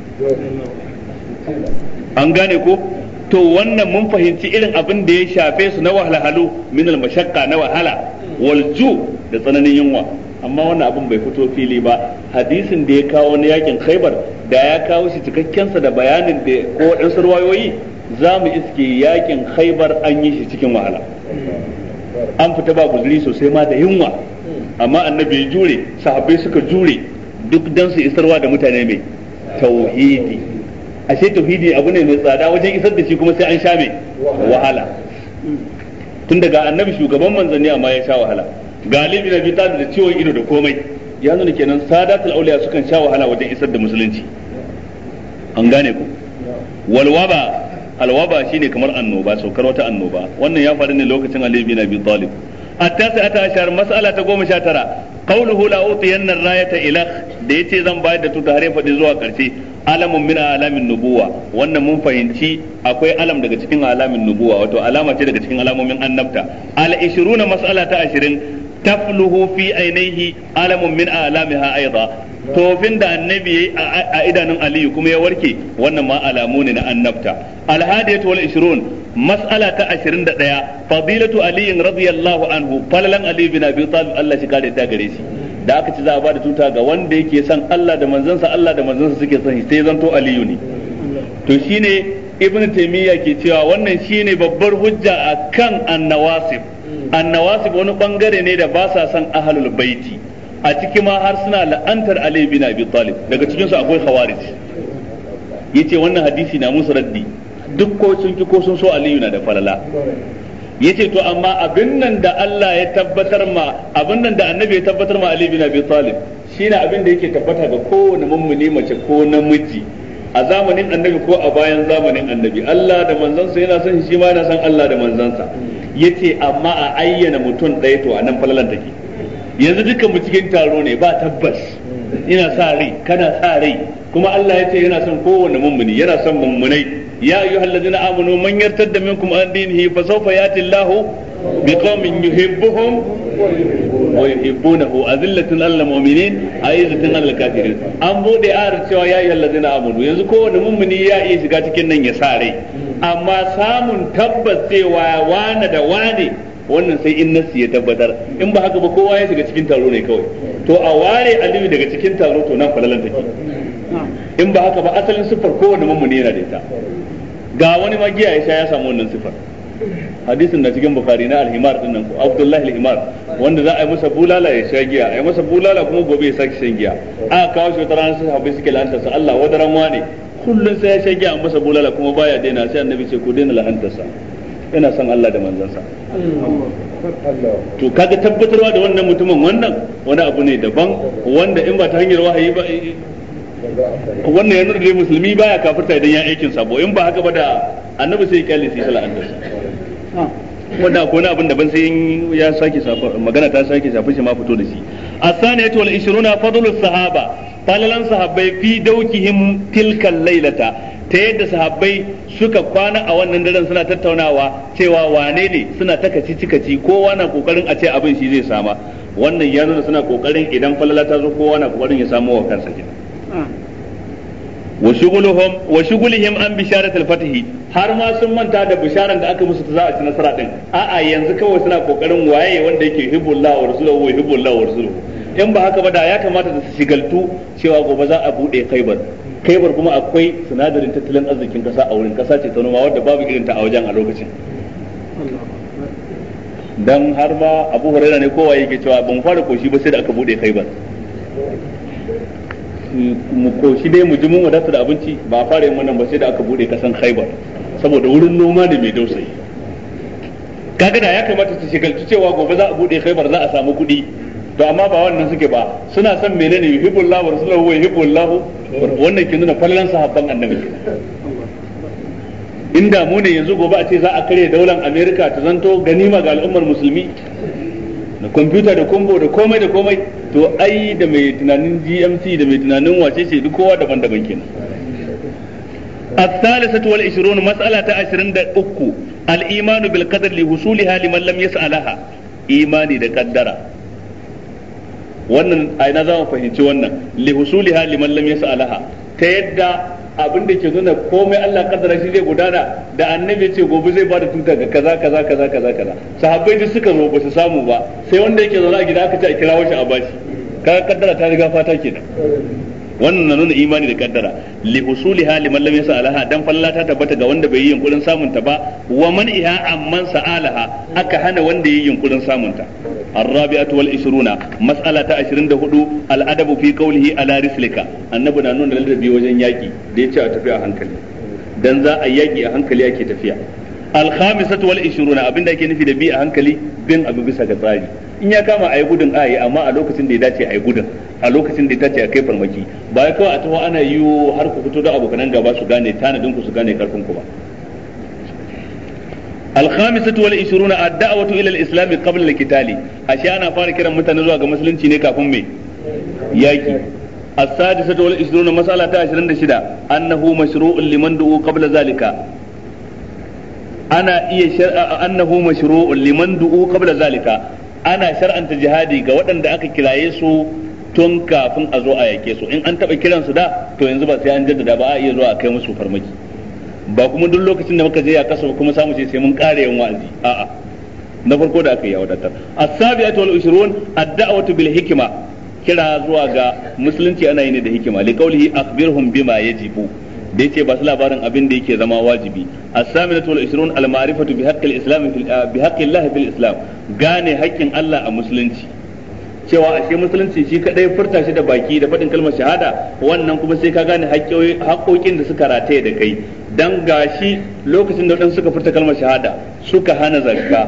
S1: an gane ko to wannan mun fahimci irin abin da ya shafe su na wahalhalu min al mashaqqa na wahala wal ju da tsananin yunwa amma wannan abin bai fito fili ba hadisin da ya kawo na yakin khaybar da ya kawo shi cikakken sa da bayanin da ko waɗansu ruwayoyi za mu iske yakin khaibar an yi shi cikin wahala an fita ba guzuri sosai ma da yunwa amma annabi ya jure sahabbai suka jure duk don su isarwa da mutane mai tauhidi ashe tauhidi abu ne mai tsada wajen isar da shi kuma sai an sha mai wahala tun daga annabi shugaban manzanni amma ya sha wahala galibi na bita da ciwon ido da komai ya nuna kenan sadatul auliya sukan sha wahala wajen isar da musulunci an gane ku walwaba alwaba shine kamar annoba saukar wata annoba wannan ya faru ne lokacin Ali bin Abi Talib التاسعة عشر مسألة قوم شاترة قوله لا أوتين الراية إلخ da yace zan bayar da tuta har ya fadi zuwa karshe alamun min alamin nubuwa wannan mun fahimci akwai alam daga cikin alamin nubuwa wato alama ce daga cikin alamomin annabta al 20 mas'ala ta 20 tafluhu fi ainihi alamun min alamiha aidan tofin da annabi yayi a idanun aliyu kuma ya warke wannan ma alamu ne na annabta alhadiyatu wal 20 mas'ala ta 21 fadilatu aliyin radiyallahu anhu falalan ali bin abi talib Allah shi kare ta gare shi da aka ci za a bada tuta ga wanda yake son Allah da manzansa Allah da manzansa suke son shi sai zanto aliyu ne to shine ibnu taymiya ke cewa wannan shine babbar hujja akan annawasib annawasib wani bangare ne da ba sa son ahlul baiti a ciki ma har suna la'antar Ali bin Abi Talib daga cikin su akwai Khawarij yace wannan hadisi na musu raddi duk ko sun ki ko sun so Ali na da falala yace to amma abin nan da Allah ya tabbatar ma abin nan da Annabi ya tabbatar ma Ali bin Abi Talib shine abin da yake tabbata ga kowane mummuni mace ko namiji a zamanin annabi ko a bayan zamanin annabi Allah da manzansa yana son shi ma yana son Allah da manzansa yace amma a ayyana mutum ɗaya to a nan falalan take yanzu dukkan mu cikin taro ne ba tabbas ina sa rai kana sa rai kuma Allah ya ce yana son kowanne mummuni yana son mummunai ya halladina amanu man yartadda minkum an dinihi fa sawfa yati Allahu biqaumin yuhibbuhum wa yuhibbunahu azillatin alal mu'minin aizatin alal kafirin an bude ayar cewa ya halladina amanu yanzu kowanne mummuni ya iya shiga cikin nan ya sa rai amma samun tabbas cewa wane da wane wannan sai in nasi ya tabbatar in ba haka ba kowa ya shiga cikin taro ne kawai to a ware aliyu daga cikin taro to nan falalan take in ba haka ba asalin sifar kowanne ne yana da ita ga wani ma giya ya sha ya samu wannan sifar hadisin na cikin bukari na alhimar din nan ko abdullahi alhimar wanda za a yi masa bulala ya sha giya a yi masa bulala kuma gobe ya saki shan giya a kawo shi wata rana sai habai suke la'anta sa Allah wadaran wane kullun sai ya sha giya a masa bulala kuma baya daina sai annabi ce ku daina la'antarsa Ina son Allah da manzansa to kaga tabbatarwa da wannan mutumin wannan wani abu ne daban wanda in ba ta hanyar wahayi ba wannan ya nuna musulmi baya kafirta idan ya aikin sabo in ba haka ba da annabi sai ya kyale sai sala'an da wanda ko na abin da ban sai ya sake magana ta sake safi shi ma fito da shi as-saniyatu wal 20 fadlus sahaba talalan sahabbai fi daukihim tilkal lailata ta yadda sahabbai suka kwana a wannan daren suna tattaunawa cewa wane ne suna takaci cikaci kowa na kokarin a ce abin shi zai sama wannan ya nuna suna kokarin idan falala ta zo kowa na kokarin ya samu wa kansa
S2: hmm.
S1: wa shughuluhum wa shughlihim an bisharat al har ma sun manta da bisharan da aka musu ta za a ci nasara din a'a yanzu kawai suna kokarin waye wanda yake hibbullah wa rasuluhu wa hibbullah wa rasuluhu in ba haka ba da ya kamata da su shigaltu cewa gobe za a bude kaibar kaibar kuma akwai sinadarin tattalin arzikin kasa a wurin kasa ce ta noma wanda babu irin ta a wajen a lokacin dan har ma abu hurairah ne kowa yake cewa ban fara koshi ba sai da aka bude kaibar mu koshi dai mu ji mun wadata da abinci ba a fara yin wannan ba sai da aka bude kasan Khaibar saboda wurin noma da mai dausayi kaga da ya kamata su shigalci cewa gobe za a bude Khaibar za a samu kuɗi to amma ba wannan suke ba suna son menene yuhibbullahu wa rasuluhu wa yuhibbullahu wannan ke nuna fallan sahabban annabi inda mu ne yanzu gobe a ce za a karya daular amerika ta zanto ganima ga al'ummar musulmi da kwamfuta da kombo da komai da komai to ai da mai tunanin GMC da mai tunanin wace ce duk kowa daban-daban kenan الثالثة والعشرون مسألة عشرين أكو الإيمان بالقدر لحصولها لمن لم يسألها إيماني دا قدرة وانا اينا ina za mu لحصولها لمن لم يسألها ta yadda abin da ke nuna komai Allah kaddara shi zai gudana da annabi ce gobe zai bada tuta ga kaza kaza kaza kaza kaza sahabbai duk suka zo ba su samu ba sai wanda yake zaune a gida aka ce a kira shi a bashi kaga kaddara ta riga fata kenan wannan na nuna imani da kaddara li usuli ha liman lam yasa alaha dan fallata tabbata ga wanda bai yi yunkurin samunta ba wa man iha amman sa alaha aka hana wanda yi yunkurin samun ta arrabiatu wal isruna mas'ala ta 24 al adabu fi qawlihi ala rislika annabi na nuna ladabi wajen yaki da yace a tafiya a hankali dan za a yaki a hankali ake tafiya al khamisatu wal ishruna abinda yake nufi da bi a hankali bin abu bisa ga tsari in ya kama ayi gudun ayi amma a lokacin da ya dace ayi gudun a lokacin da ta ce a kai farmaki ba ya kawai a taho ana yi har ku fito da abokanan gaba su gane tanadin ku su gane karfin ku ba الخامسة والعشرون الدعوة إلى الإسلام قبل القتال أشياء أنا فارك رم متنزوا كمسلم تيني كافم مي ياكي السادسة والعشرون مسألة عشرين دشدا أنه مشروع لمن دعو قبل ذلك أنا إيه شرع أنه مشروع لمن دعو قبل ذلك أنا شرعا جهادي قوة أن دعك كلايسو tun kafin a zo a yake su in an taba kiran su da to yanzu ba sai an jaddada ba a iya zuwa kai musu farmaki ba kuma duk lokacin da muka je ya kasa kuma samu ce sai mun kare yan wa'azi a'a na farko da aka yi a wadatar as-sabi'atu wal 20 ad-da'watu bil hikma kira zuwa ga musulunci ana yi ne da hikima li qawlihi akhbirhum bima yajibu da yace ba su labarin abin da yake zama wajibi as sabiatu wal 20 al-ma'rifatu bi haqqi al-islam bi haqqi Allah fil islam gane haƙƙin Allah a musulunci cewa ashe musulunci shi kadai furta shi da baki da faɗin kalmar shahada wannan kuma sai ka gane haƙoƙin da suka rataye da kai dan gashi lokacin da waɗansu suka furta kalmar shahada suka hana zakka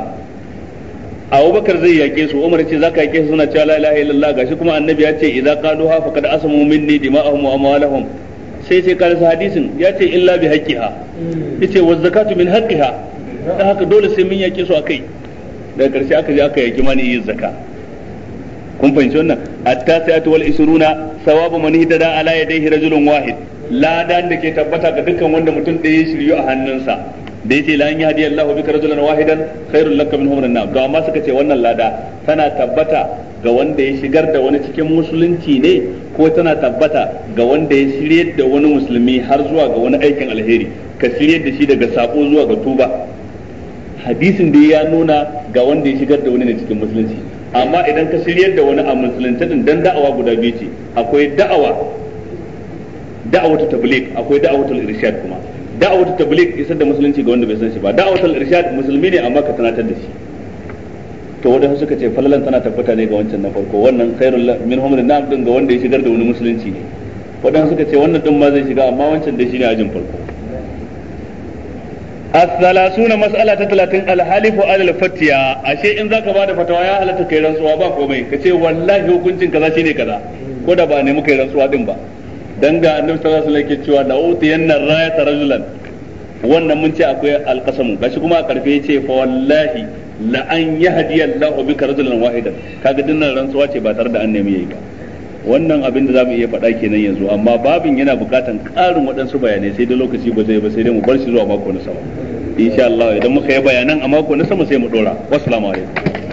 S1: abubakar zai yake su umar ce zaka yake su suna cewa la ilaha illallah gashi kuma annabi ya ce idza ha faqad asamu minni dima'ahum wa amwalahum sai sai ka hadisin ya ce illa bi haqqiha yace wa zakatu min haqqiha dan haka dole sai mun yake su akai daga karshe aka je aka yake mani yin zakka kun fahimci wannan at-tasi'atu wal isruna sawabu man hidada ala yadayhi rajulun wahid ladan da ke tabbata ga dukkan wanda mutum da ya shiryu a hannunsa da yace la an yahdi hadiya Allahu bika rajulan wahidan khairul lakabin min humrin na'am to amma suka ce wannan lada tana tabbata ga wanda ya shigar da wani cikin musulunci ne ko tana tabbata ga wanda ya shiryar da wani musulmi har zuwa ga wani aikin alheri ka shiryar da shi daga sako zuwa ga tuba hadisin da ya nuna ga wanda ya shigar da wani ne cikin musulunci amma idan ka shiryar da wani a musulunta din dan da'awa guda biyu ce akwai da'awa da'awatu tabligh akwai da'awatul irshad kuma da'awatu tabligh isar da musulunci ga wanda bai san shi ba da'awatul irshad musulmi ne amma ka tunatar da shi to su suka ce falalan tana tabbata ne ga wancan na farko wannan khairul min humrin nam din ga wanda ya shigar da wani musulunci ne su suka ce wannan din ma zai shiga amma wancan da shi ne ajin farko as-salasuna mas'ala ta 30 al-halifu ala fatiya ashe in zaka da fatawa ya halatta kai rantsuwa ba komai kace wallahi hukuncin kaza shine kaza ko da ba ne muka yi rantsuwa din ba dan ga annabi sallallahu alaihi wasallam yake cewa la utiyanna rayata wannan mun ce akwai alqasamu gashi kuma a karfe yace fa wallahi la an yahdi Allah bika rajulan wahidan kaga dinnan rantsuwa ce ba tare da an nemi yayi ba wannan abin da za mu iya faɗa kenan yanzu amma babin yana bukatan ƙarin waɗansu bayanai sai da lokaci ba zai ba sai dai mu bar shi zuwa mako na sama insha Allah idan muka yi bayanan a mako na sama sai mu dora wassalamu alaikum